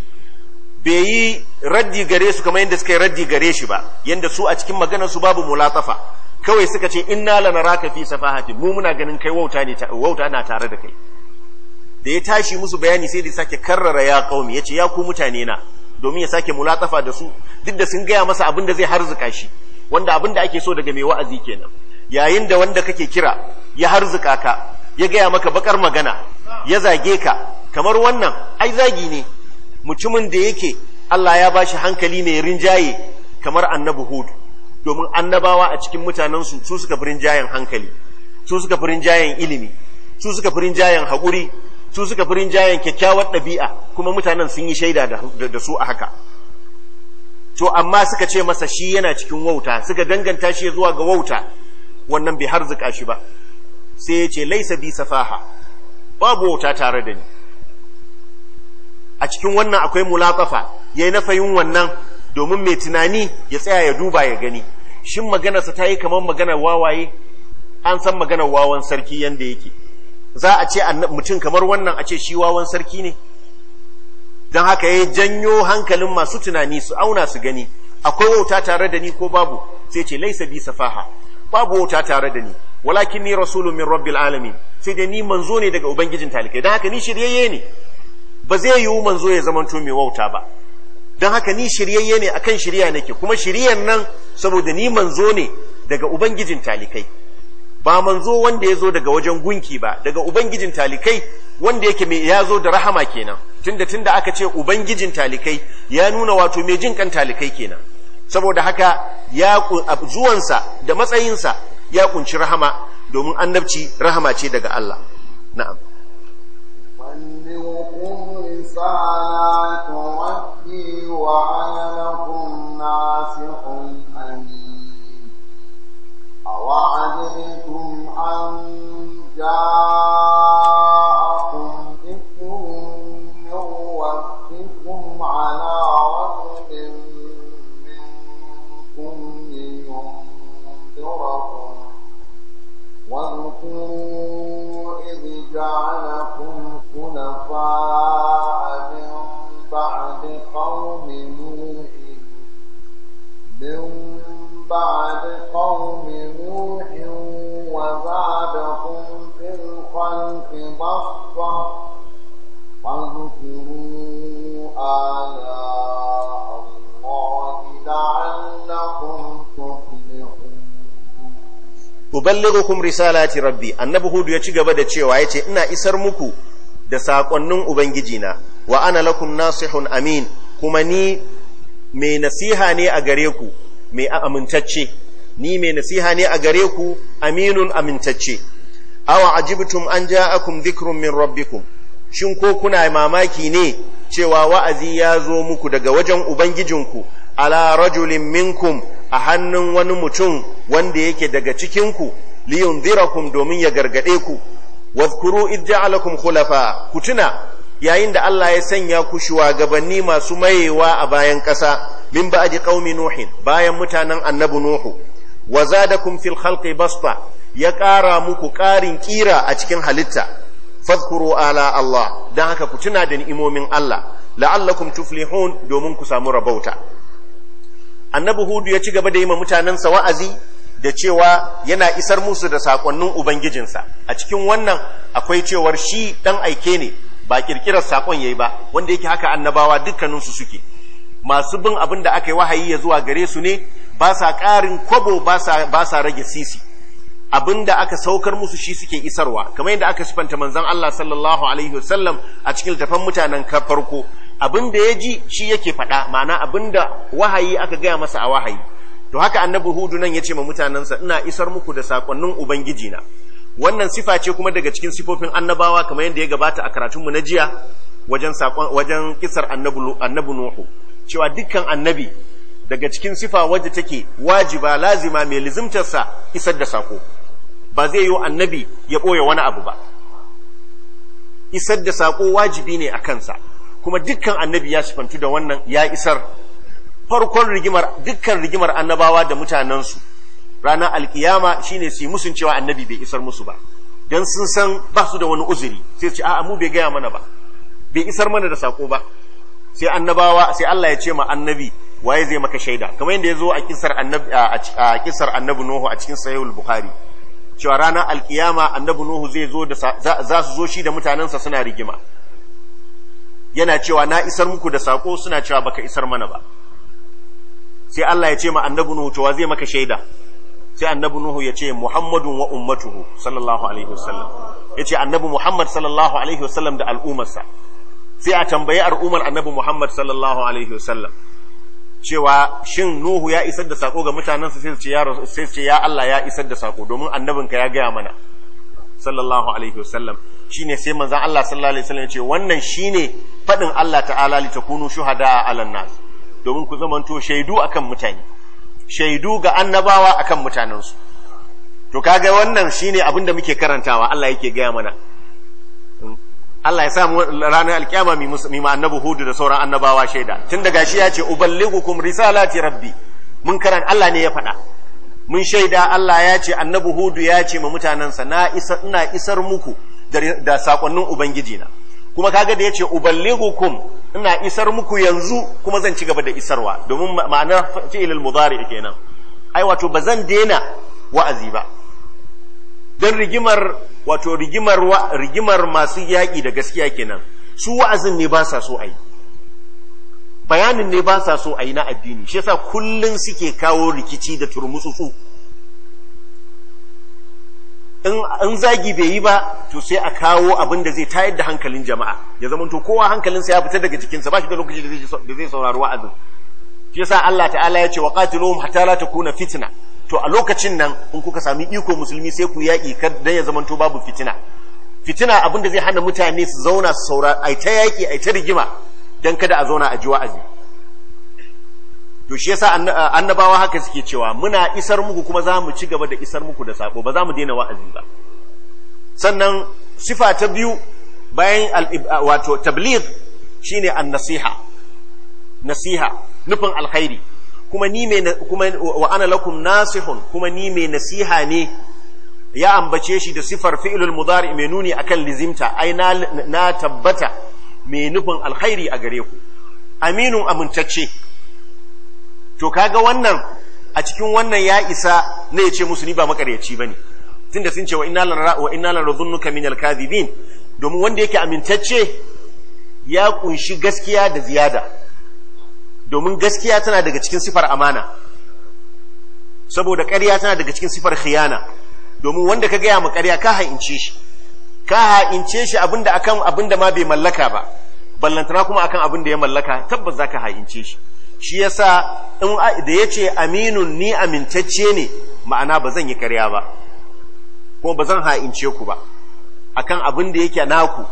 bai yi raddi gare su kamar yadda suka yi raddi gare shi ba yadda su a cikin maganar su babu mulatafa kawai suka ce inna naraka fi safahati mu muna ganin kai wauta ne wauta na tare da kai da ya tashi musu bayani sai da sake karrara ya kaumi ce ya ku mutane na domin ya sake mulatafa da su duk da sun gaya masa abin da zai harzuka shi wanda abin da ake so daga mai wa'azi kenan yayin da wanda kake kira ya harzuka ka ya gaya maka bakar magana ya zage ka kamar wannan ai zagi ne mutumin da yake Allah ya bashi hankali mai rinjaye kamar annabi Hud domin annabawa a cikin mutanensu su suka fi rinjayen hankali su suka fi rinjayen ilimi su suka fi rinjayen haƙuri su suka fi rinjayen kyakkyawar ɗabi'a kuma mutanen sun yi shaida da su a haka to amma suka ce masa shi yana cikin wauta suka danganta shi zuwa ga wauta wannan bai harzuka shi ba sai ya ce laisa bi safaha babu wauta tare da ni a cikin wannan akwai ya yi na fahim wannan domin mai tunani ya tsaya ya duba ya gani shin maganarsa ta yi kamar maganar wawaye an san maganar wawan sarki yanda yake za a ce mutum kamar wannan a ce shi wawan sarki ne don haka ya janyo hankalin masu tunani su auna su gani akwai wauta tare da ni ko babu sai ce laisa bi safaha babu wauta tare da ni walakin ni rasulun min rabbil alamin sai dai ni manzo ne daga ubangijin talikai don haka ni shiryayye ne ba zai yiwu manzo ya zama mai wauta ba don haka ni shiryayye ne akan shirya nake kuma shiryan nan saboda ni manzo ne daga ubangijin talikai ba manzo wanda ya zo daga wajen gunki ba daga ubangijin talikai wanda yake mai ya zo da rahama kenan tunda tunda aka ce ubangijin talikai ya nuna wato mai jin kan talikai kenan saboda haka ya zuwansa da matsayinsa ya kunci rahama domin annabci rahama ce daga Allah na'am على ربي وعلى لكم ناصح أمين أوعجبتم أن جاءكم ذكر من ربكم على رجل منكم لينذركم واذكروا إذ جعلكم خلفاء بعد قوم نوح من بعد قوم نوح وزادهم في الخلق بسطة فاذكروا آلاء الله لعلكم تفلحون أبلغكم رسالات ربي النبي هود يتشغب دا cewa yace ina isar muku da ubangiji na. wa ana lakum nasihun amin kuma ni mai nasiha ne a gare ku mai amintacce ni mai nasiha ne a gare ku aminun amintacce awa ajibtum an ja'akum dhikrun min rabbikum shin ko kuna mamaki ne cewa wa'azi ya zo muku daga wajen ubangijinku ala rajulin minkum a hannun wani mutum wanda yake daga cikinku liyunzirakum domin ya gargade ku wazkuru idja'alakum ja'alakum khulafa ku tuna yayin da Allah ya sanya ku shugabanni masu mayewa a bayan ƙasa min ba'di qaumi nuhin bayan mutanen annabi nuhu wa zadakum fil khalqi basta ya ƙara muku ƙarin ƙira a cikin halitta fadhkuru ala Allah dan haka ku tuna da ni'imomin Allah la'allakum tuflihun domin ku samu rabauta annabi hudu ya ci gaba da yi ma mutanensa wa'azi da cewa yana isar musu da sakonnin ubangijinsa a cikin wannan akwai cewar shi dan aike ne ba kirkirar sakon yayi ba wanda yake haka annabawa dukkaninsu suke masu bin abin da aka yi wahayi ya zuwa gare su ne ba sa ƙarin kwabo ba sa rage sisi abin da aka saukar musu shi suke isarwa kamar yadda aka sifanta manzon Allah sallallahu alaihi wasallam a cikin tafan mutanen farko abin da ya ji shi yake faɗa ma'ana abin da wahayi aka gaya masa a wahayi to haka annabi hudu nan ya ce ma mutanensa ina isar muku da saƙonnin na. wannan sifa ce kuma daga cikin sifofin annabawa kamar yadda ya gabata a karatunmu na jiya wajen sakon wajen kisar annabi nuhu cewa dukkan annabi daga cikin sifa wadda take wajiba lazima mai lizimtarsa isar da sako ba zai yi annabi ya ɓoye wani abu ba isar da sako wajibi ne a kansa kuma dukkan annabi ya sifantu da wannan ya isar farkon rigimar dukkan rigimar annabawa da mutanensu ranar alkiyama shine su yi musun cewa annabi bai isar musu ba don sun san ba su da wani uzuri sai ce a'a mu bai gaya mana ba bai isar mana da sako ba sai annabawa sai Allah ya ce ma annabi waye zai maka shaida kamar yadda ya zo a kisar annabi Nuhu a cikin sahihul Bukhari cewa ranar alkiyama annabi Nuhu zai zo da za su zo shi da mutanensa suna rigima yana cewa na isar muku da sako suna cewa baka isar mana ba sai Allah ya ce ma annabi Nuhu to zai maka shaida sai annabi nuhu ya ce muhammadun wa ummatuhu sallallahu alaihi wasallam ya ce annabi muhammad sallallahu alaihi wasallam da al'ummarsa sai a tambayi al'ummar annabi muhammad sallallahu alaihi wasallam cewa shin nuhu ya isar da sako ga mutanensa sai ce ya sai ce ya Allah ya isar da sako domin annabinka ya gaya mana sallallahu alaihi wasallam shine sai manzon Allah sallallahu alaihi wasallam ya ce wannan shine fadin Allah ta'ala li takunu shuhada ala nas domin ku zamanto shaidu akan mutane shaidu ga annabawa akan mutanensu to kaga wannan shine abin da muke karantawa Allah yake gaya mana Allah ya sa ranar alkiyama mi ma hudu da sauran annabawa shaida tun daga shi ya ce uballighukum risalati rabbi mun karanta. Allah ne ya faɗa mun shaida Allah ya ce annabu hudu ya ce ma mutanensa na isar muku da sakonnin ubangiji na kuma kaga da ya ce uballighukum ina isar muku yanzu kuma zan ci gaba da isarwa domin ma'anar fi'ilul mudari kenan ai wato ba zan daina wa'azi ba don rigimar wato rigimar wa rigimar masu yaƙi da gaskiya kenan su wa'azin ne ba sa so ai bayanin ne ba sa so ai na addini shi yasa kullun suke kawo rikici da su in zagi bai yi ba to sai a kawo abin da zai tayar da hankalin jama'a ya zama to kowa hankalinsa ya fita daga jikinsa ba shi da lokaci da zai saurari wa'azin shi yasa Allah ta'ala ya ce wa qatiluhum hatta la takuna fitna to a lokacin nan in kuka sami iko musulmi sai ku yaki kar dan ya zama to babu fitina fitina abin da zai hana mutane su zauna su saura ai ta yaki ai ta rigima dan kada a zauna a ji wa'azi to shi yasa annabawa haka suke cewa muna isar muku kuma za mu ci gaba da isar muku da sako ba za mu daina wa'azi ba sannan sifa ta biyu bayan wato tabligh shine an-nasiha nasiha nufin alkhairi kuma ni mai kuma wa ana lakum nasihun kuma ni mai nasiha ne ya ambace shi da sifar fi'ilul mudari mai nuni akan lizimta ai na, na tabbata mai nufin alkhairi a gare ku aminun amintacce to kaga wannan a cikin wannan ya isa ne ya ce musu ni ba makaryaci bane tunda sun ce wa inna la wa inna la min al-kadhibin domin wanda yake amintacce ya kunshi gaskiya da ziyada domin gaskiya tana daga cikin sifar amana saboda ƙarya tana daga cikin sifar khiyana domin wanda ka gaya ma ƙarya ka ha'ince shi ka ha'ince shi abinda akan abinda ma bai mallaka ba ballantana kuma akan abinda ya mallaka tabbas zaka ha'ince shi shi yasa in da yace aminun ni amintacce ne ma'ana ba zan yi karya ba ko ba ha'ince ku ba akan abin da yake naku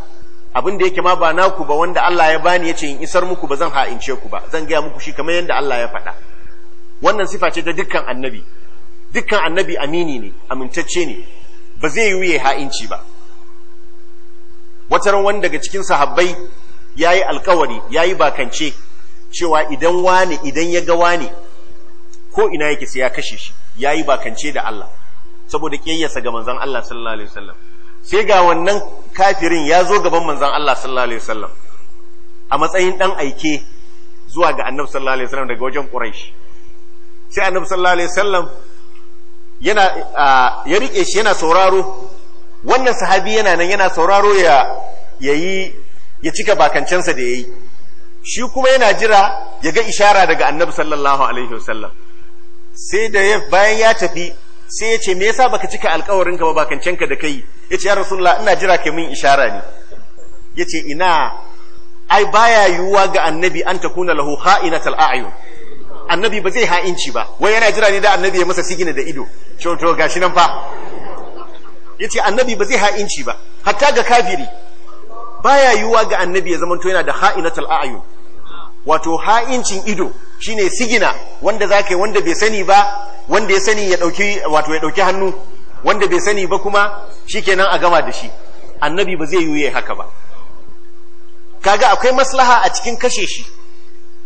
abin da yake ma ba naku ba wanda Allah ya bani yace in isar muku ba zan ha'ince ku ba zan gaya muku shi kamar yadda Allah ya faɗa wannan sifa ce ta dukkan annabi dukkan annabi amini ne amintacce ne ba zai yi wuye ha'inci ba wataran wani daga cikin sahabbai yayi alkawari yayi bakance cewa idan wani idan ya ga wani ko ina yake sai ya kashe shi yayi bakance da Allah saboda kiyayyarsa ga manzon Allah sallallahu alaihi wasallam sai ga wannan kafirin ya zo gaban manzon Allah sallallahu alaihi wasallam a matsayin dan aike zuwa ga annabi sallallahu alaihi wasallam daga wajen Quraysh sai annabi sallallahu alaihi wasallam yana ya rike shi yana sauraro wannan sahabi yana nan yana sauraro ya yayi ya cika bakancansa da yayi shi kuma yana jira ya ga ishara daga annabi sallallahu alaihi wasallam sai da ya bayan ya tafi sai ya ce me yasa baka cika alƙawarin ka ba bakancen ka da kai ya ce ya rasulullah ina jira kai min ishara ne ya ce ina ai baya yiwuwa ga annabi an ta kuna lahu kha'inatul a'yun annabi ba zai ha'inci ba wai yana jira ne da annabi ya masa sigina da ido to gashi nan fa Ya ce annabi ba zai ha'inci ba hatta ga kafiri baya yiwuwa ga annabi ya zamanto yana da ha'inatul a'yun wato ha'incin ido shine sigina wanda zaka wanda bai sani ba wanda ya sani ya dauki wato ya dauki hannu wanda bai sani ba kuma shikenan a gama da shi annabi ba zai yuye haka ba kaga akwai maslaha a cikin kashe shi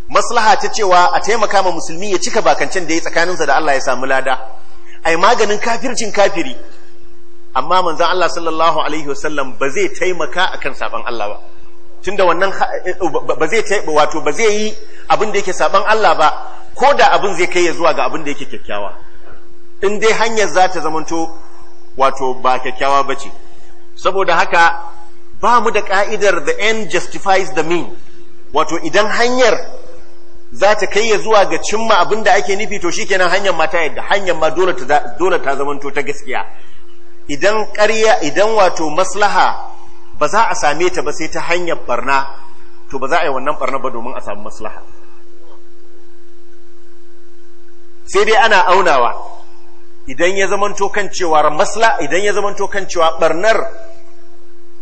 maslaha ta cewa a taimaka ma musulmi ya cika bakancin da ya tsakaninsa da Allah ya samu lada ai maganin kafircin kafiri amma manzon Allah sallallahu alaihi wasallam ba zai taimaka akan saban Allah ba tunda wannan eh, eh, ba zai ta wato ba zai yi abin da yake saban Allah ba ko da abin zai kai ya zuwa ga abin da yake kyakkyawa in dai hanyar za ta zamanto wato ba kyakkyawa ba ce saboda haka ba mu da ka'idar the end justifies the mean wato idan hanyar za ta kai ya zuwa ga cimma abin da ake nufi to shikenan hanyar ma ta yadda hanyar ma dole ta zamanto ta gaskiya idan ƙarya idan wato maslaha ba za a same ta ba sai ta hanyar barna to ba za a yi wannan barna ba domin a samu maslaha sai dai ana aunawa idan ya zamanto kan cewa masla idan ya zamanto kan cewa barnar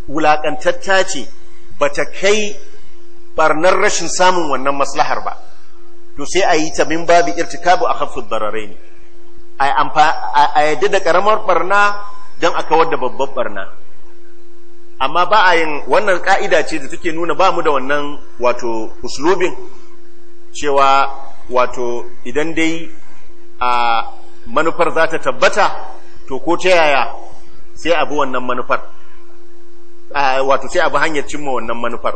wulakantatta ce ba ta kai barnar rashin samun wannan maslahar ba to sai a yi ta min babu irtikabu a khafsud dararain ai amfa a yadda da karamar barna don a kawar da babbar barna amma ba a yin wannan ka'ida ce da take nuna ba mu da wannan wato uslubin cewa wato idan dai a manufar za ta tabbata to ko ta yaya sai abu wannan manufar wato sai abu hanyar cimma wannan manufar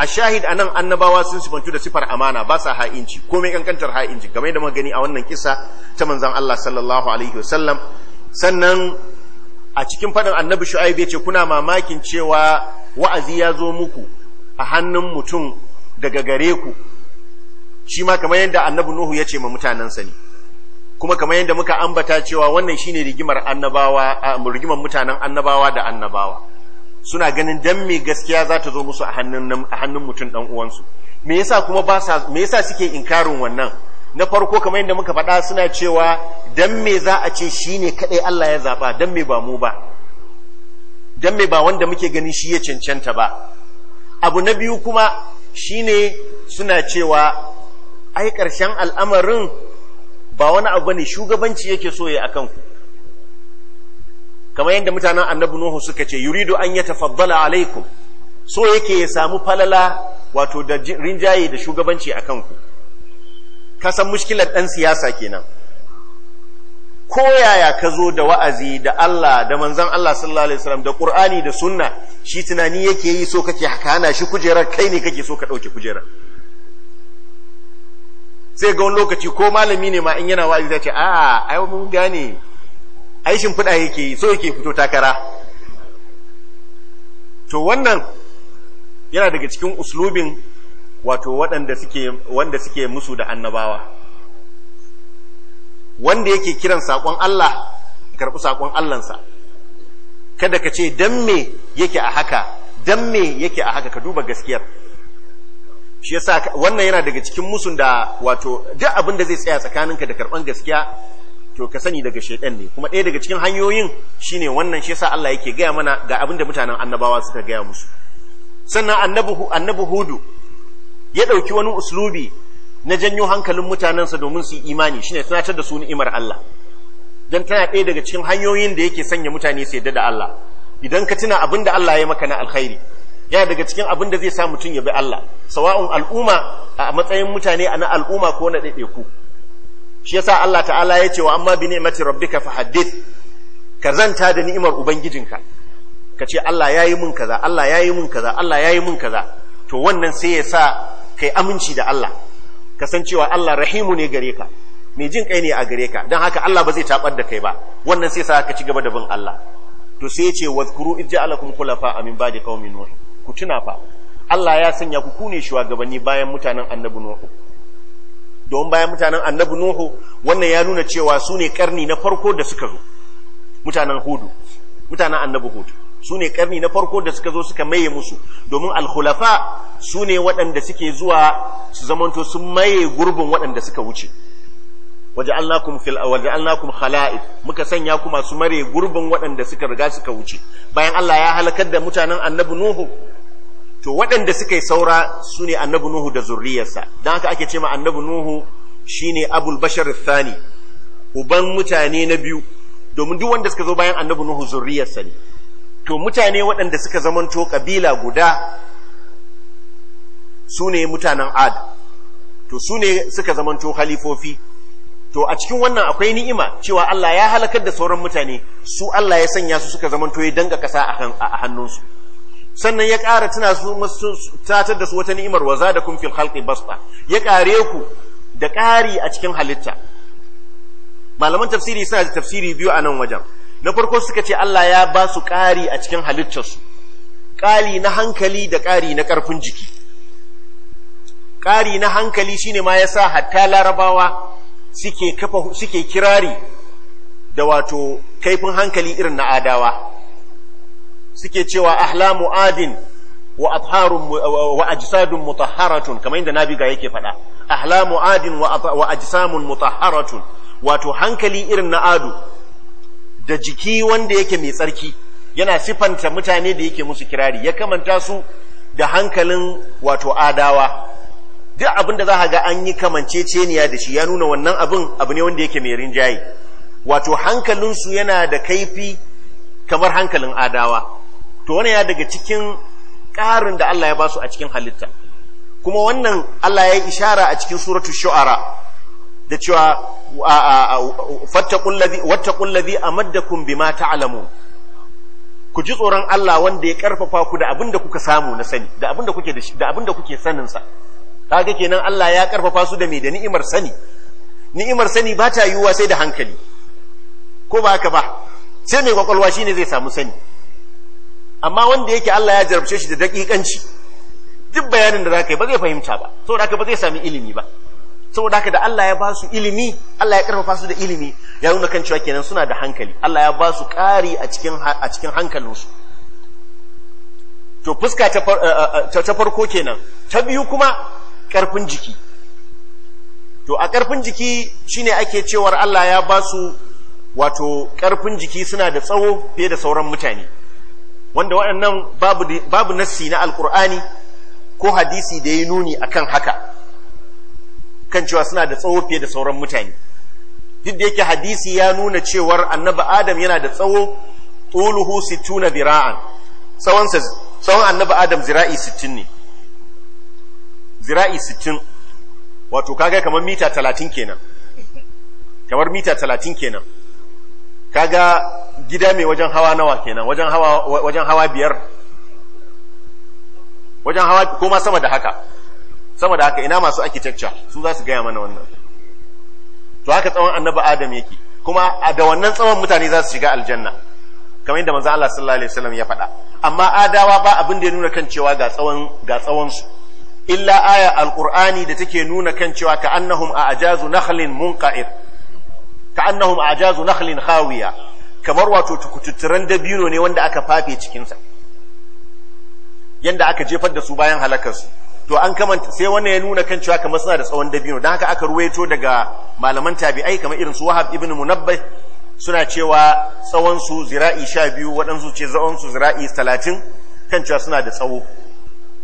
a shahid anan annabawa sun sifantu da sifar amana ba sa ha'inci komai kankantar ha'inci game da magani a wannan kisa ta manzon Allah sallallahu alaihi wasallam sannan a cikin faɗin annabi shu'aib ya ce kuna mamakin cewa wa'azi ya zo muku a hannun mutum daga gare ku shi ma kamar yadda annabi nuhu ya ce ma mutanensa ne kuma kamar yadda muka ambata cewa wannan shine rigimar annabawa rigimar mutanen annabawa da annabawa suna ganin dan me gaskiya za ta zo musu a hannun mutum dan uwansu me yasa kuma ba sa yasa suke inkarin wannan na farko kamar yadda muka faɗa suna cewa dan me za a ce shi ne kaɗai Allah ya zaɓa dan me ba mu ba dan me ba wanda muke gani shi ya cancanta ba abu na biyu kuma shi ne suna cewa ai ƙarshen al'amarin ba wani abu ne shugabanci yake so ya akan ku kamar yadda mutanen annabi nuhu suka ce yuridu an yatafaddala alaikum so yake ya samu falala wato da rinjaye da shugabanci akan ku ka san mushkilar ɗan siyasa kenan ko yaya ka zo da wa'azi da Allah da manzan Allah sallallahu alaihi wasallam da Qur'ani da sunna shi tunani yake yi so kake hana shi kujerar kai ne kake so ka ɗauke kujerar sai ga wani lokaci ko malami ne ma in yana wa'azi ta ce a ai mun gane Aishin fuda yake yi so yake fito takara to wannan yana daga cikin uslubin wato waɗanda suke wanda suke musu da annabawa wanda yake kiran saƙon Allah karɓi saƙon Allahnsa kada ka ce dan me yake a haka dan me yake a haka ka duba gaskiyar shi yasa wannan yana daga cikin musun da wato duk abin da zai tsaya tsakaninka da karɓan gaskiya to ka sani daga shaidan ne kuma ɗaya daga cikin hanyoyin shine wannan shi yasa Allah yake gaya mana ga abin da mutanen annabawa suka gaya musu sannan annabi hudu ya ɗauki wani uslubi na janyo hankalin mutanensa domin su yi imani shine tunatar da su ni'imar Allah dan tana ɗaya daga cikin hanyoyin da yake sanya mutane su yadda da Allah idan ka tuna abin da Allah ya maka na alkhairi yana daga cikin abin da zai sa mutum ya bi Allah sawa'un al'umma a matsayin mutane a na al'umma ko na ɗaiɗaiku shi yasa Allah ta'ala ya ce wa amma bi ni'mati rabbika fahaddith ka zanta da ni'imar ubangijinka ka ce Allah ya yi mun kaza Allah ya yi mun kaza Allah ya yi mun kaza to wannan sai ya sa kai aminci da Allah kasancewa Allah rahimu ne gare ka mai jin kai ne a gare ka don haka Allah ba zai tabar da kai ba wannan sai sa ka ci gaba da bin Allah to sai ya ce wazkuru iz ja'alakum khulafa min ba'di qaumin nuh ku tuna fa Allah ya sanya ku kune shugabanni bayan mutanen annabi nuhu don bayan mutanen annabi nuhu wannan ya nuna cewa su ne karni na farko da suka zo mutanen hudu mutanen annabi hudu su ne karni na farko da suka zo suka maye musu domin alkhulafa su ne waɗanda suke zuwa su zamanto sun maye gurbin waɗanda suka wuce waja'alnakum fil waja'alnakum khala'if muka sanya ku masu mare gurbin waɗanda suka riga suka wuce bayan Allah ya halakar da mutanen annabi nuhu to waɗanda suka yi saura su ne annabi nuhu da zurriyarsa don haka ake ce ma annabi nuhu shine abul bashar thani uban mutane na biyu domin duk wanda suka zo bayan annabi nuhu zurriyarsa ne to mutane waɗanda suka zamanto ƙabila guda su ne mutanen ad to su ne suka zamanto halifofi to a cikin wannan akwai ni'ima cewa Allah ya halakar da sauran mutane su Allah ya sanya su suka zamanto ya danga ƙasa a hannunsu sannan ya ƙara tana su tatar da su wata ni'imar waza da kun fil halƙi basta ya ƙare ku da ƙari a cikin halitta malaman tafsiri suna da tafsiri biyu a nan wajen na farko suka ce Allah ya ba su ƙari a cikin halittarsu ƙari na hankali da ƙari na ƙarfin jiki ƙari na hankali shine ma ya sa hatta larabawa suke kirari da wato kaifin hankali irin na adawa suke cewa ahlamu adin wa ajisadun wa ajsadun mutahharatun kamar inda nabiga yake faɗa ahlamu adin wa ajsamun mutahharatun wato hankali irin na adu da jiki wanda yake mai tsarki yana sifanta mutane da yake musu kirari ya kamanta su da hankalin wato adawa duk abin da za a ga an yi kamanceceniya da shi ya nuna wannan abin abu ne wanda yake mai rinjaye wato hankalinsu yana da kaifi kamar hankalin adawa to wani ya daga cikin ƙarin da Allah ya basu a cikin halitta kuma wannan Allah ya yi ishara a cikin suratu shu'ara da cewa madda ladhi amaddakum bima alamu. ku ji tsoron Allah wanda ya karfafa ku da abinda kuka samu na sani da abinda kuke da abinda kuke sanin sa kaga kenan Allah ya karfafa su da me da ni'imar sani ni'imar sani ba ta yiwuwa sai da hankali ko ba haka ba sai mai kwakwalwa shine zai samu sani amma wanda yake Allah ya jarabce shi da dakikanci duk bayanin da zaka yi ba zai fahimta ba saboda haka ba zai sami ilimi ba saboda haka da Allah ya ba su ilimi Allah ya karfafa su da ilimi ya nuna kan cewa kenan suna da hankali Allah ya ba su kari a cikin a cikin hankalinsu to fuska eh, eh, ta farko kenan ta biyu kuma ƙarfin jiki to a ƙarfin jiki shine ake cewar Allah ya ba su wato karfin jiki suna da tsawo fiye da sauran mutane wanda waɗannan babu nassi na alkur'ani ko hadisi da ya nuni akan haka kan cewa suna da tsawo fiye da sauran mutane duk da yake hadisi ya nuna cewar annabi adam yana da tsawo tuluhu situna zira'an tsawon tsawon annabi adam zira'i sittin ne zira'i sittin wato kaga kamar mita talatin kenan kamar mita talatin kenan kaga gida mai wajen hawa nawa kenan wajen hawa wajen hawa biyar wajen hawa ko ma sama da haka Sama da haka ina masu architecture su za su gaya mana wannan to haka tsawon annabi adam yake kuma a da wannan tsawon mutane za su shiga aljanna kamar yadda manzo Allah sallallahu alaihi wasallam ya faɗa amma adawa ba abin da ya nuna kan cewa ga tsawon ga tsawon su illa aya alqur'ani da take nuna kan cewa ka annahum ajazu nakhlin munqa'ir ka annahum ajazu nakhlin khawiya kamar wato tukututturan dabino ne wanda aka fafe cikinsa yanda aka jefar da su bayan halakarsu to an kamanta sai wannan ya nuna kan cewa kamar suna da tsawon dabino don haka aka ruwaito daga malaman tabi'ai kamar irin su wahab ibn munabbai suna cewa tsawon su zira'i sha biyu waɗansu ce tsawon su zira'i talatin kan cewa suna da tsawo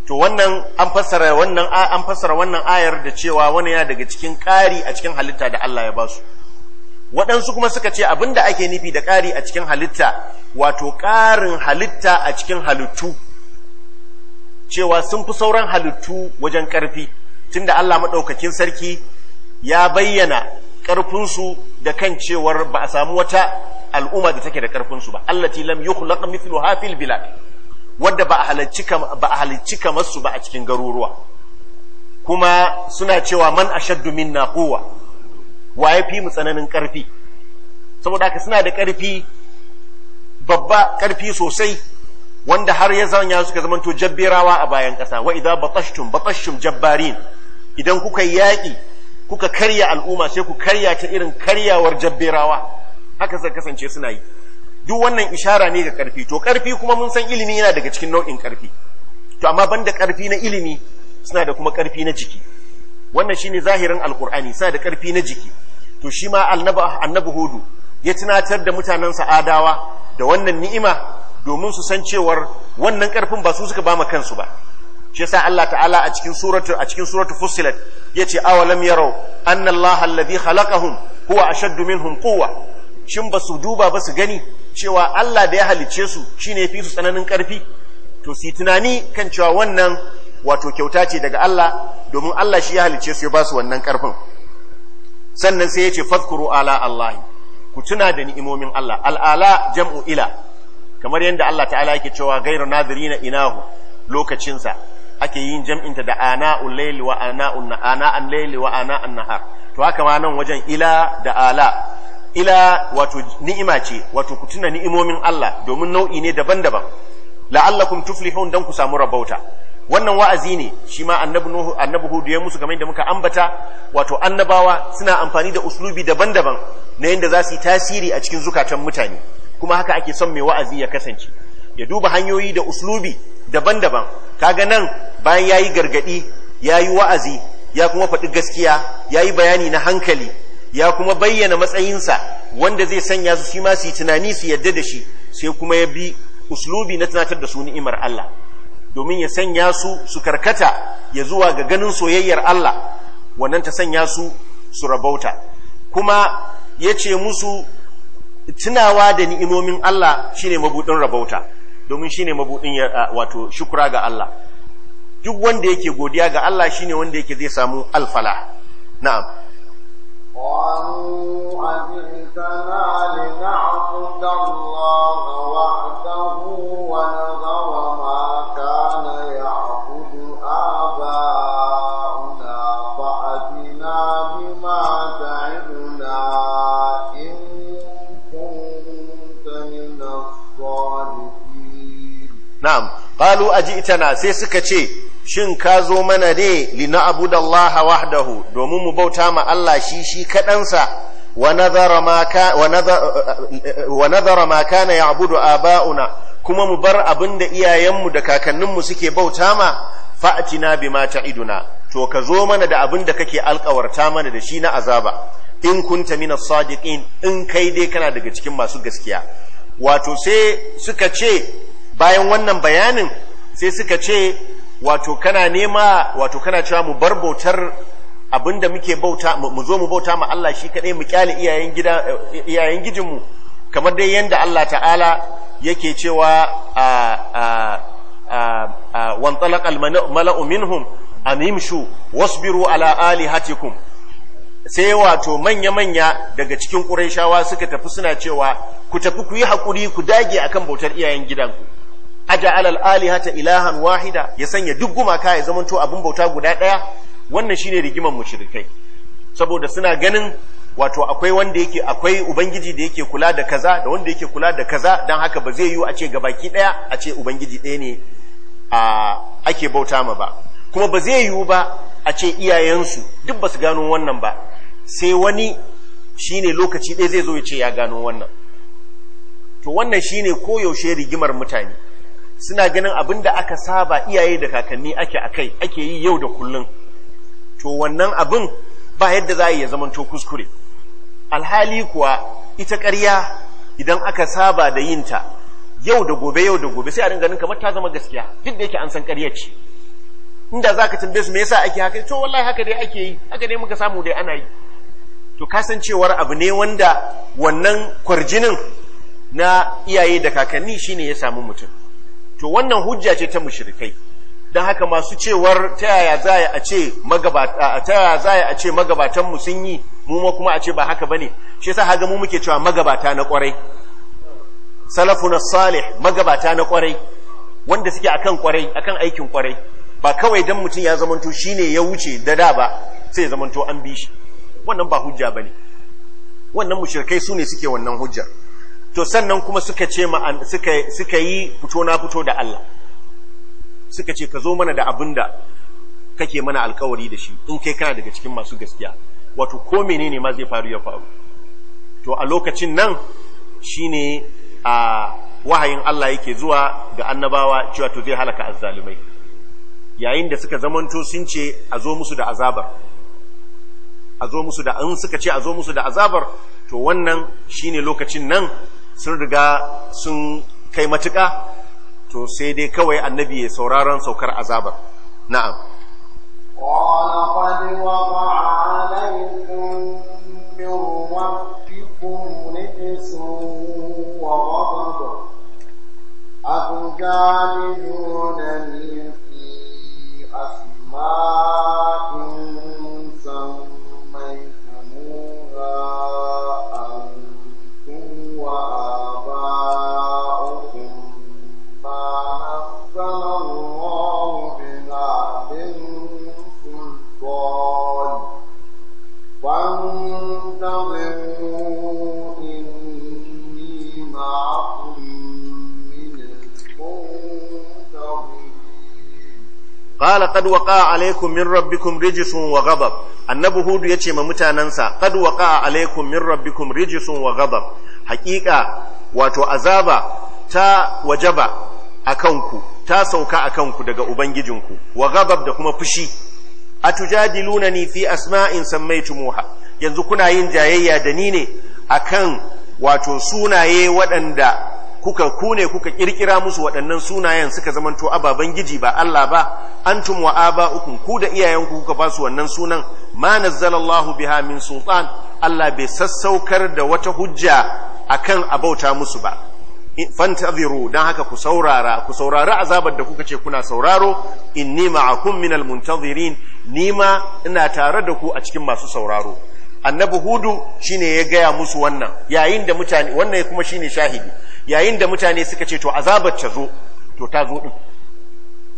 to wannan an fassara wannan an fassara wannan ayar da cewa wani ya daga cikin ƙari a cikin halitta da Allah ya basu waɗansu kuma suka ce abinda ake nufi da ƙari a cikin halitta wato ƙarin halitta a cikin halittu cewa sun fi sauran halittu wajen ƙarfi tunda Allah maɗaukakin sarki ya bayyana ƙarfinsu da kan cewar ba a samu wata al'umma da take da ƙarfinsu ba allati lam yukhlaq mithluha fil bilad wadda ba a halicci ba a halicci kamar su ba a cikin garuruwa kuma suna cewa man ashaddu minna quwwa waye fi mu tsananin ƙarfi saboda haka suna da ƙarfi babba ƙarfi sosai wanda har ya zanya suka zamanto jabbirawa a bayan kasa, wa idza batashtum batashtum jabbarin idan kuka yaƙi kuka karya al'umma sai ku karya ta irin karyawar jabbirawa haka zai kasance suna yi duk wannan ishara ne ga ƙarfi to ƙarfi kuma mun san ilimi yana daga cikin nau'in ƙarfi to amma banda ƙarfi na ilimi suna da kuma ƙarfi na jiki wannan shine zahirin alqur'ani suna da ƙarfi na jiki to shi ma annabi hudu ya tunatar da mutanen adawa da wannan ni'ima domin su san cewar wannan karfin ba su suka bama kansu ba shi yasa Allah ta'ala a cikin suratu a cikin suratu fussilat yace awalam yarau anna Allah alladhi khalaqahum huwa ashaddu minhum quwwa shin ba su duba ba su gani cewa Allah da ya halicce su shine fi su tsananin karfi to su tunani kan cewa wannan wato kyauta ce daga Allah domin Allah shi ya halicce su ya ba su wannan karfin sannan sai yace fadhkuru ala Allah ku tuna da ni'imomin Allah al'ala jam'u ila kamar yadda Allah ta'ala yake cewa naziri na inahu lokacinsa ake yin jam'inta da ana'ul laili wa ana'un ana'an laili wa ana'an nahar to haka ma nan wajen ila da ala ila wato ni'ima ce wato ku ni'imomin Allah domin nau'i ne daban-daban la'allakum tuflihun dan ku samu rabauta wannan wa'azi ne shi ma annabi nuhu hudu ya musu kamar yadda muka ambata wato annabawa suna amfani da uslubi daban-daban na yadda za su yi tasiri a cikin zukatan mutane kuma haka ake son mai wa'azi ya kasance ya duba hanyoyi da uslubi daban-daban kaga nan bayan yayi gargadi yayi wa'azi ya kuma faɗi gaskiya yayi bayani na hankali ya kuma bayyana matsayinsa wanda zai sanya su shi ma su yi tunani su yadda da shi sai kuma ya bi uslubi na tunatar da su ni'imar Allah domin ya sanya su su karkata ya zuwa ga ganin soyayyar Allah wannan ta sanya su su rabauta kuma ya ce musu tunawa da ni'imomin Allah shine mabudin rabauta domin shine mabudin wato shukura ga Allah duk wanda yake godiya ga Allah shine wanda yake zai samu alfala na'am qalu ajitana li na'budu qalu aji'tana sai suka ce shin ka zo mana ne li wahdahu domin mu bauta ma Allah shi shi kadansa wa ma ka wa nadhara ma kana aba'una kuma mu bar abinda iyayenmu da kakanninmu suke bauta ma fa'atina bima ta'iduna to ka zo mana da abin da kake alkawarta mana da shi na azaba in kunta mina sadiqin in kai dai kana daga cikin masu gaskiya wato sai suka ce bayan wannan bayanin sai suka ce wato kana nema wato kana cewa mu bar bautar abinda muke bauta mu zo mu bauta ma Allah shi kadai mu kyale iyayen gida iyayen gijinmu kamar dai yanda Allah ta'ala yake cewa a a a wan talaqal mala'u minhum an wasbiru ala alihatikum sai wato manya-manya daga cikin ƙurayshawa suka tafi suna cewa ku tafi ku yi haƙuri ku dage akan bautar iyayen gidanku aja'al al-alihata ilahan wahida ya sanya duk gumaka ya zamanto abin bauta guda daya wannan shine rigiman mushrikai saboda suna ganin wato akwai wanda yake akwai ubangiji da yake kula da kaza da wanda yake kula da kaza dan haka ba zai yiwu a ce gabaki daya a ce ubangiji ɗaya ne a ake bauta ma ba kuma ba zai yiwu ba a ce iyayensu duk ba su gano wannan ba sai wani shine lokaci ɗaya zai zo ya ce ya gano wannan to wannan shine koyaushe rigimar mutane suna ganin abin da aka saba iyaye da kakanni ake akai ake yi yau da kullum to wannan abin ba yadda za a iya zamanto kuskure alhali kuwa ita ƙarya idan aka saba da yinta yau da gobe yau da gobe sai a ganin kamar ta zama gaskiya duk da yake an san ƙarya ce inda za ka tambaye su me yasa ake haka to wallahi haka dai ake yi haka dai muka samu dai ana yi to kasancewar abu ne wanda wannan kwarjinin na iyaye da kakanni shine ya samu mutum to wannan hujja ce ta mushrikai don haka masu cewar ta yaya za a ce magabatan mu sun yi mu ma kuma a ce ba haka bane shi yasa haga mu muke cewa magabata na kwarai salafuna salih magabata na kwarai wanda suke akan kwarai akan aikin kwarai ba kawai dan mutum ya zamanto shine ya wuce da da ba sai zamanto an bi shi wannan ba hujja bane wannan mushrikai su ne suke wannan hujjar to sannan kuma suka ce suka yi fito na fito da Allah suka ce ka zo mana da abin da kake mana alkawari da shi in kai kana daga cikin masu gaskiya wato ko menene ma zai faru ya faru to a lokacin nan shine a wahayin Allah yake zuwa ga annabawa cewa to zai halaka azzalumai yayin da suka zamanto sun ce a zo musu da azabar a zo musu da an suka ce a zo musu da azabar to wannan shine lokacin nan sun riga sun kai matuƙa to sai dai kawai annabi ya sauraron saukar azabar na'am qala qad waqa alaykum min rabbikum rijsun wa ghadab atujadilunani fi asma'in sammaytumuha qala qad waqa'a alaykum min rabbikum rijsun wa ghadab annabi hudu yace ma mutanansa qad waqa'a alaykum min rabbikum rijsun wa ghadab haqiqa wato azaba ta wajaba akan ku ta sauka akan ku daga ubangijinku wa ghadab da kuma fushi atujadilunani fi asma'in sammaytumuha yanzu kuna yin jayayya da ni ne akan wato sunaye waɗanda kuka kune kuka kirkira musu waɗannan sunayen suka zamanto ababen giji ba Allah ba antum wa ukun ku da iyayenku kuka basu wannan sunan ma nazzalallahu biha min sultan Allah bai sassaukar da wata hujja akan abauta musu ba fantaziru dan haka ku saurara ku saurari azabar da kuka ce kuna sauraro inni ma'akum minal muntazirin nima ina tare da ku a cikin masu sauraro annabi hudu shine ya gaya musu wannan yayin da mutane wannan kuma shine shahidi yayin da mutane suka ce to azabar ta zo to ta zo din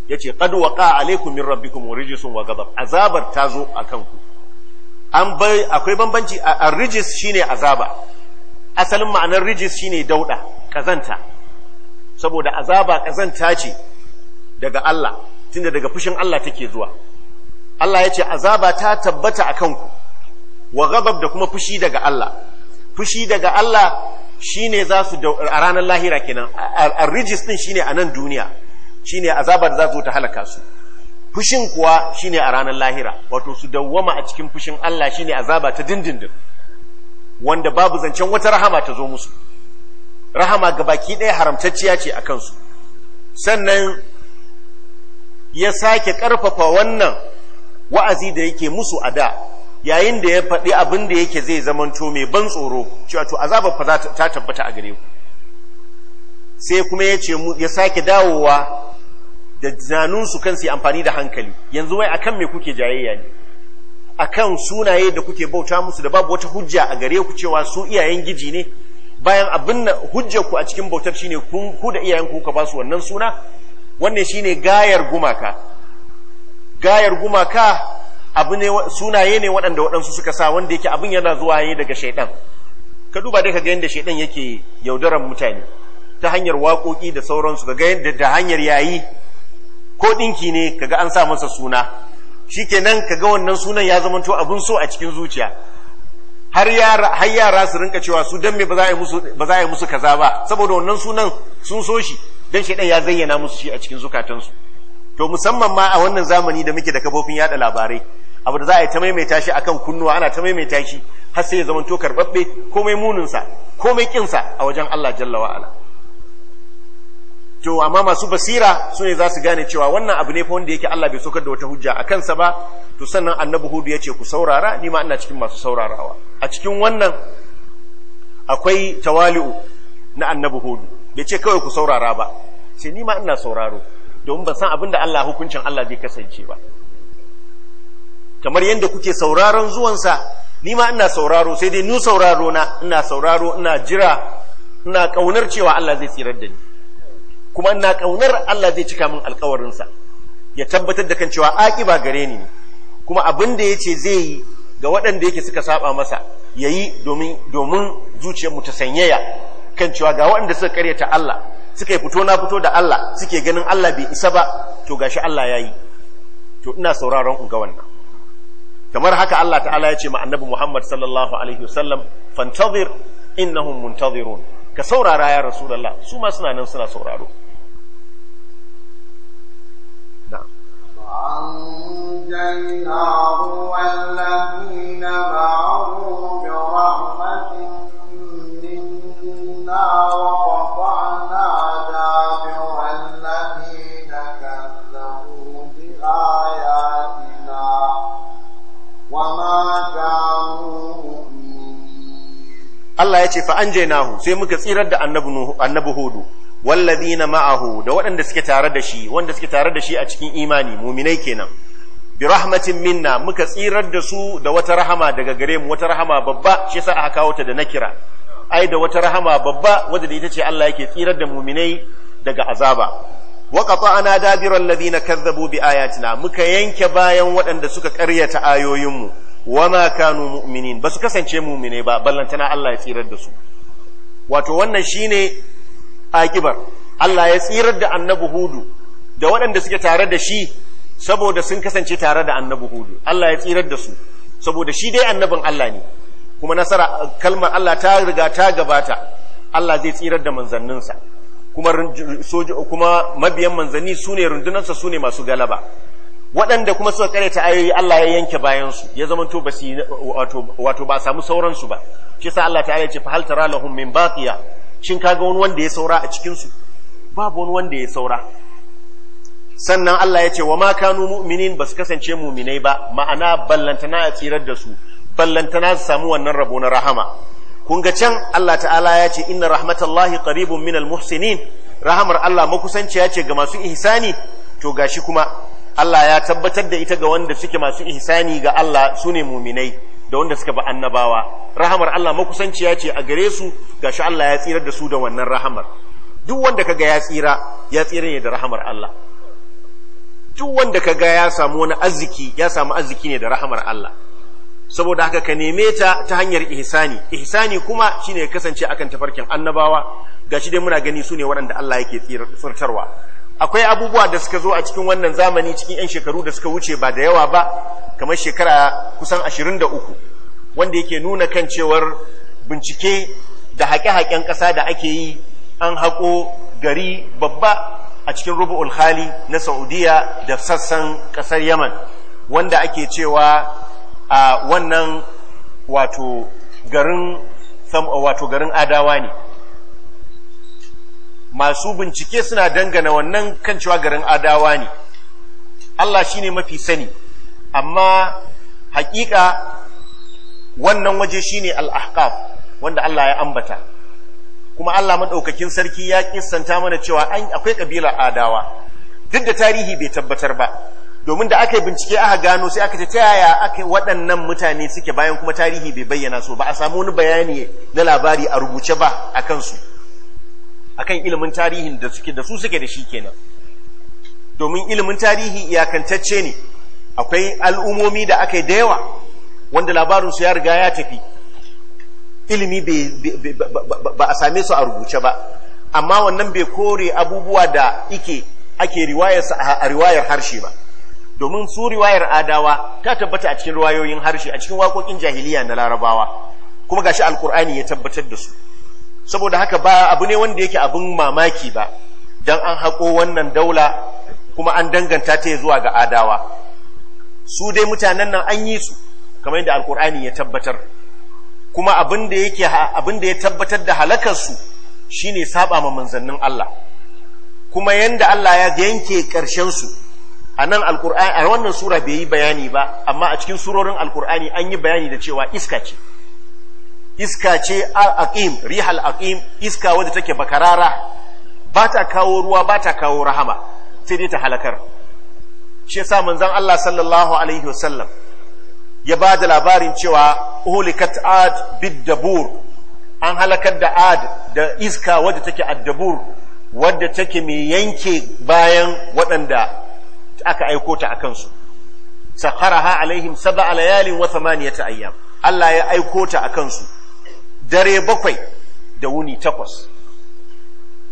yace qad waqa alaykum min rabbikum rijsun wa ghadab azabar ta zo akan ku an bai akwai bambanci a rijis shine azaba asalin ma'anar rijis shine dauda kazanta saboda azaba kazanta ce daga Allah tunda daga fushin Allah take zuwa Allah yace azaba ta tabbata akan ku wa ghadab da kuma fushi daga Allah fushi daga Allah shine za su a ranar lahira kenan a rijis din shine a nan duniya shine azabar da za su ta halaka su fushin kuwa shine a ranar lahira wato su dawwama a cikin fushin Allah shine azaba ta dindindin wanda babu zancen wata rahama ta zo musu rahama ga baki ɗaya haramtacciya ce a kansu sannan ya sake ƙarfafa wannan wa'azi da yake musu a da yayin da ya faɗi abin da yake zai zamanto mai ban tsoro cewa to azabar fa ta tabbata a gare ku sai kuma ya ce ya sake dawowa da su kansu amfani da hankali yanzu wai akan me kuke jayayya ne akan sunaye da kuke bauta musu da babu wata hujja a gare ku cewa su iyayen giji ne bayan abin hujjar ku a cikin bautar shine kun ku da iyayen ku ka ba su wannan suna wannan shine gayar gumaka gayar gumaka abu ne sunaye ne waɗanda waɗansu suka sa wanda yake abin yana zuwa yayi daga shaidan ka duba dai ga yadda shaidan yake yaudarar mutane ta hanyar waƙoƙi da sauransu kaga yadda da hanyar yayi ko ɗinki ne ga an sa masa suna Shi ka ga wannan sunan ya zamanto abin so a cikin zuciya har yara su rinka cewa su dan me ba za a musu musu kaza ba saboda wannan sunan sun so shi dan shaidan ya zayyana musu shi a cikin zukatansu to musamman ma a wannan zamani da muke da kafofin yada labarai abu da za a yi ta maimaita shi akan kunnuwa ana ta maimaita shi har sai ya zama to karbabbe komai muninsa komai kinsa a wajen Allah jalla ala to amma masu basira sune ne za su gane cewa wannan abu ne fa wanda yake Allah bai sokar da wata hujja a kansa ba to sannan annabi hudu ya ce ku saurara ni ma ina cikin masu saurarawa a cikin wannan akwai tawali'u na annabi hudu bai ce kawai ku saurara ba sai ni ma ina sauraro domin ban san abin da Allah hukuncin Allah bai kasance ba kamar yadda kuke sauraron zuwansa ni ma ina sauraro sai dai nu sauraro na ina sauraro ina jira ina kaunar cewa Allah zai tsirar da ni kuma ina kaunar Allah zai cika min alkawarinsa ya tabbatar da kan cewa akiba gare ni ne kuma abin da ce zai yi ga waɗanda yake suka saba masa yayi domin domin zuciyarmu ta sanyaya kan cewa ga waɗanda suka karyata Allah suka yi fito na fito da Allah suke ganin Allah bai isa ba to gashi Allah yayi to ina sauraron in ga wannan kamar haka Allah ta'ala ya ce ma annabi Muhammad sallallahu alaihi wasallam fantazir innahum muntazirun ka saurara ya rasulullah su ma suna nan suna sauraro أنجيناه والذين معه برحمة منا Allah ya ce fa an nahu sai muka tsirar da annabi hudu na ma'ahu da waɗanda suke tare da shi wanda suke tare da shi a cikin imani muminai kenan bi rahmatin minna muka tsirar da su da wata rahama daga gare mu wata rahama babba shi yasa aka kawo ta da nakira ai da wata rahama babba wanda da ita ce Allah yake tsirar da muminai daga azaba wa ana dabiral ladina kazzabu bi ayatina muka yanke bayan waɗanda suka ƙaryata mu. wa ma kanu mu'minin ba su kasance mu'mine ba ballantana Allah ya tsirar da su wato wannan shine akibar Allah ya tsirar da annabi hudu da waɗanda suke tare da shi saboda sun kasance tare da annabi hudu Allah ya tsirar da su saboda shi dai annabin Allah ne kuma nasara kalmar Allah ta riga ta gabata Allah zai tsirar da manzanninsa kuma kuma mabiyan manzanni sune rundunarsa sune masu galaba waɗanda kuma suka kare ta ayoyi Allah ya yanke bayansu ya zama to basi wato ba samu sauransu ba shi sa Allah ta'ala ya ce fa hal tara lahum min baqiya shin kaga wani wanda ya saura a cikin su babu wani wanda ya saura sannan Allah ya ce wa ma kanu mu'minin basu kasance mu'minai ba ma'ana ballantana a tsirar da su ballantana su samu wannan rabo na rahama kun ga can Allah ta'ala ya ce inna rahmatallahi qaribun minal muhsinin rahamar Allah makusanci ya ce ga masu ihsani to gashi kuma Allah ya tabbatar da ita ga wanda suke masu ihsani ga Allah su ne muminai da wanda suka ba annabawa rahamar Allah makusanciya ce a gare su gashi Allah ya tsirar da su da wannan rahamar duk wanda kaga ya tsira ya tsira ne da rahamar Allah duk wanda kaga ya samu wani arziki ya samu arziki ne da rahamar Allah saboda haka ka neme ta ta hanyar ihsani ihsani kuma shine kasance akan tafarkin annabawa gashi dai muna gani su ne waɗanda Allah yake tsirtarwa akwai abubuwa da suka zo a cikin wannan zamani cikin 'yan shekaru da suka wuce ba da yawa ba kamar shekara kusan 23 wanda yake nuna kan cewar bincike da haƙe-haƙen ƙasa da ake yi an haƙo gari babba a cikin rubu'ul hali na saudiya da sassan ƙasar yaman wanda ake cewa a wannan wato garin adawa ne masu bincike suna dangana wannan kan cewa garin adawa ne Allah shine mafi sani amma hakika wannan waje shine al-ahqaf wanda Allah ya ambata kuma Allah madaukakin sarki ya kissanta mana cewa an akwai kabilar adawa duk da tarihi bai tabbatar ba domin da aka yi bincike aka gano sai aka ce ta yaya aka waɗannan mutane suke bayan kuma tarihi bai bayyana su ba a samu wani bayani na labari a rubuce ba a kansu akan ilimin tarihin da suke da su suke da shi kenan domin ilimin tarihi iyakantacce ne akwai al'umomi da aka yi da yawa wanda su ya riga ya tafi ilimi ba a same su a rubuce ba amma wannan bai kore abubuwa da ike ake a riwayar harshe ba domin su riwayar adawa ta tabbata a cikin riwayoyin harshe a cikin waƙoƙin jahiliya na larabawa kuma gashi alkur'ani ya tabbatar da su saboda haka ba abu ne wanda yake abin mamaki ba don an haƙo wannan daula kuma an danganta ta zuwa ga adawa su dai mutanen nan an yi su kamar yadda alkur'ani ya tabbatar kuma abin da ya tabbatar da halakarsu shi ne saba ma manzannin Allah kuma yadda Allah ya yanke ƙarshen su a nan alkur'ani a wannan sura bai yi bayani ba amma a cikin surorin alkur'ani an yi bayani da cewa iska ce iska ce al’aƙim rihal aqim iska wadda take bakarara ba ta kawo ruwa ba ta kawo rahama sai dai ta halakar shi yasa manzon Allah sallallahu alaihi wasallam ya ba da labarin cewa hulikat ad bid dabur an halakar da ad da iska wadda take addabur wadda take mai yanke bayan waɗanda aka aiko ta a kansu sakharaha alaihim sab'a layalin wa thamaniyata ayyam Allah ya aiko ta a kansu dare bakwai da wuni takwas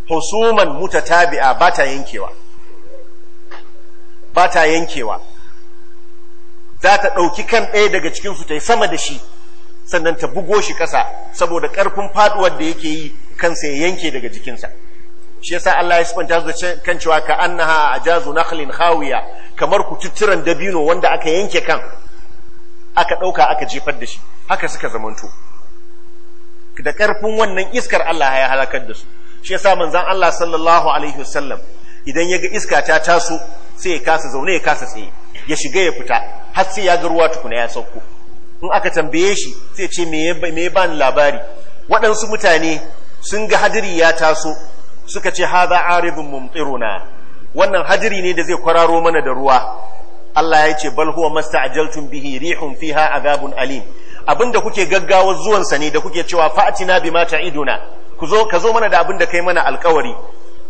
husuman mutatabi'a ba ta yankewa ba ta yankewa za ta ɗauki kan ɗaya daga cikinsu ta yi sama da shi sannan ta bugo shi ƙasa saboda ƙarfin faɗuwar da yake yi kansa ya yanke daga jikinsa shi yasa Allah ya sifanta su da kan cewa ka annaha ajazu nakhlin khawiya kamar kututturan dabino wanda aka yanke kan aka ɗauka aka jefar da shi haka suka zamanto da ƙarfin wannan iskar Allah ya halakar da su shi yasa manzon Allah sallallahu alaihi wasallam idan ya ga iska ta taso sai ya kasa zaune ya kasa tsaye ya shiga ya fita har sai ya ga ruwa tukuna ya sauko in aka tambaye shi sai ce me ya ba ni labari waɗansu mutane sun ga hadiri ya taso suka ce haza aridun mumtiruna wannan hadiri ne da zai kwararo mana da ruwa Allah ya ce bal huwa mastajaltum bihi rihun fiha azabun alim abinda kuke gaggawar zuwansa ne da kuke cewa fa'atina bima ta'iduna ku zo ka zo mana da abinda kai mana alkawari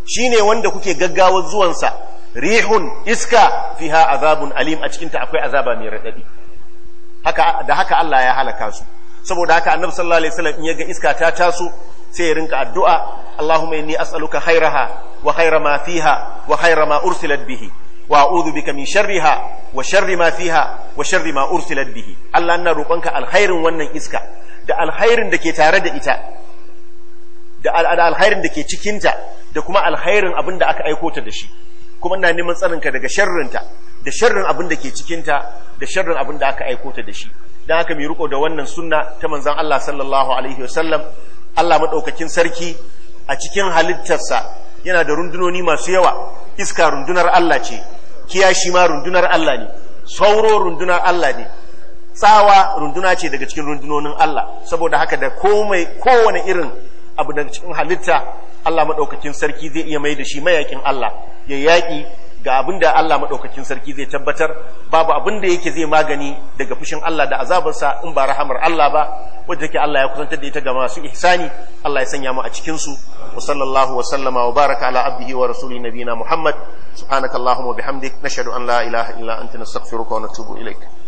shine wanda kuke gaggawar zuwansa rihun iska fiha azabun alim a cikin ta akwai azaba mai radadi haka da haka Allah ya halaka su saboda haka annabi sallallahu alaihi wasallam in ya ga iska ta taso sai ya rinka addu'a Allahumma inni as'aluka khairaha wa khaira ma fiha wa khaira ma ursilat bihi wa a'udhu bika min sharriha wa sharri ma fiha wa sharri ma ursilat bihi Allah ina roƙonka alkhairin wannan iska da alkhairin da ke tare da ita da alkhairin da ke cikinta da kuma alkhairin abin da aka aiko ta da shi kuma ina neman tsarinka daga sharrinta da sharrin abin da ke cikinta da sharrin abin da aka aiko ta da shi don haka mai riko da wannan sunna ta manzon Allah sallallahu alaihi wasallam Allah maɗaukakin sarki a cikin halittarsa yana da rundunoni masu yawa iska rundunar Allah ce kiyashi ma rundunar Allah ne sauro rundunar Allah ne tsawa runduna ce daga cikin rundunonin Allah saboda haka da komai kowane irin abu daga cikin halitta Allah maɗaukakin sarki zai iya mai da shi mayakin Allah ya yaƙi ga abin da Allah maɗaukakin sarki zai tabbatar babu abin da yake zai magani daga fushin Allah da azabarsa in ba rahamar Allah ba wanda take Allah ya kusantar da ita ga masu ihsani Allah ya sanya mu a cikin su وصلى الله وسلم وبارك على عبده ورسوله نبينا محمد سبحانك اللهم وبحمدك نشهد أن لا إله إلا أنت نستغفرك ونتوب إليك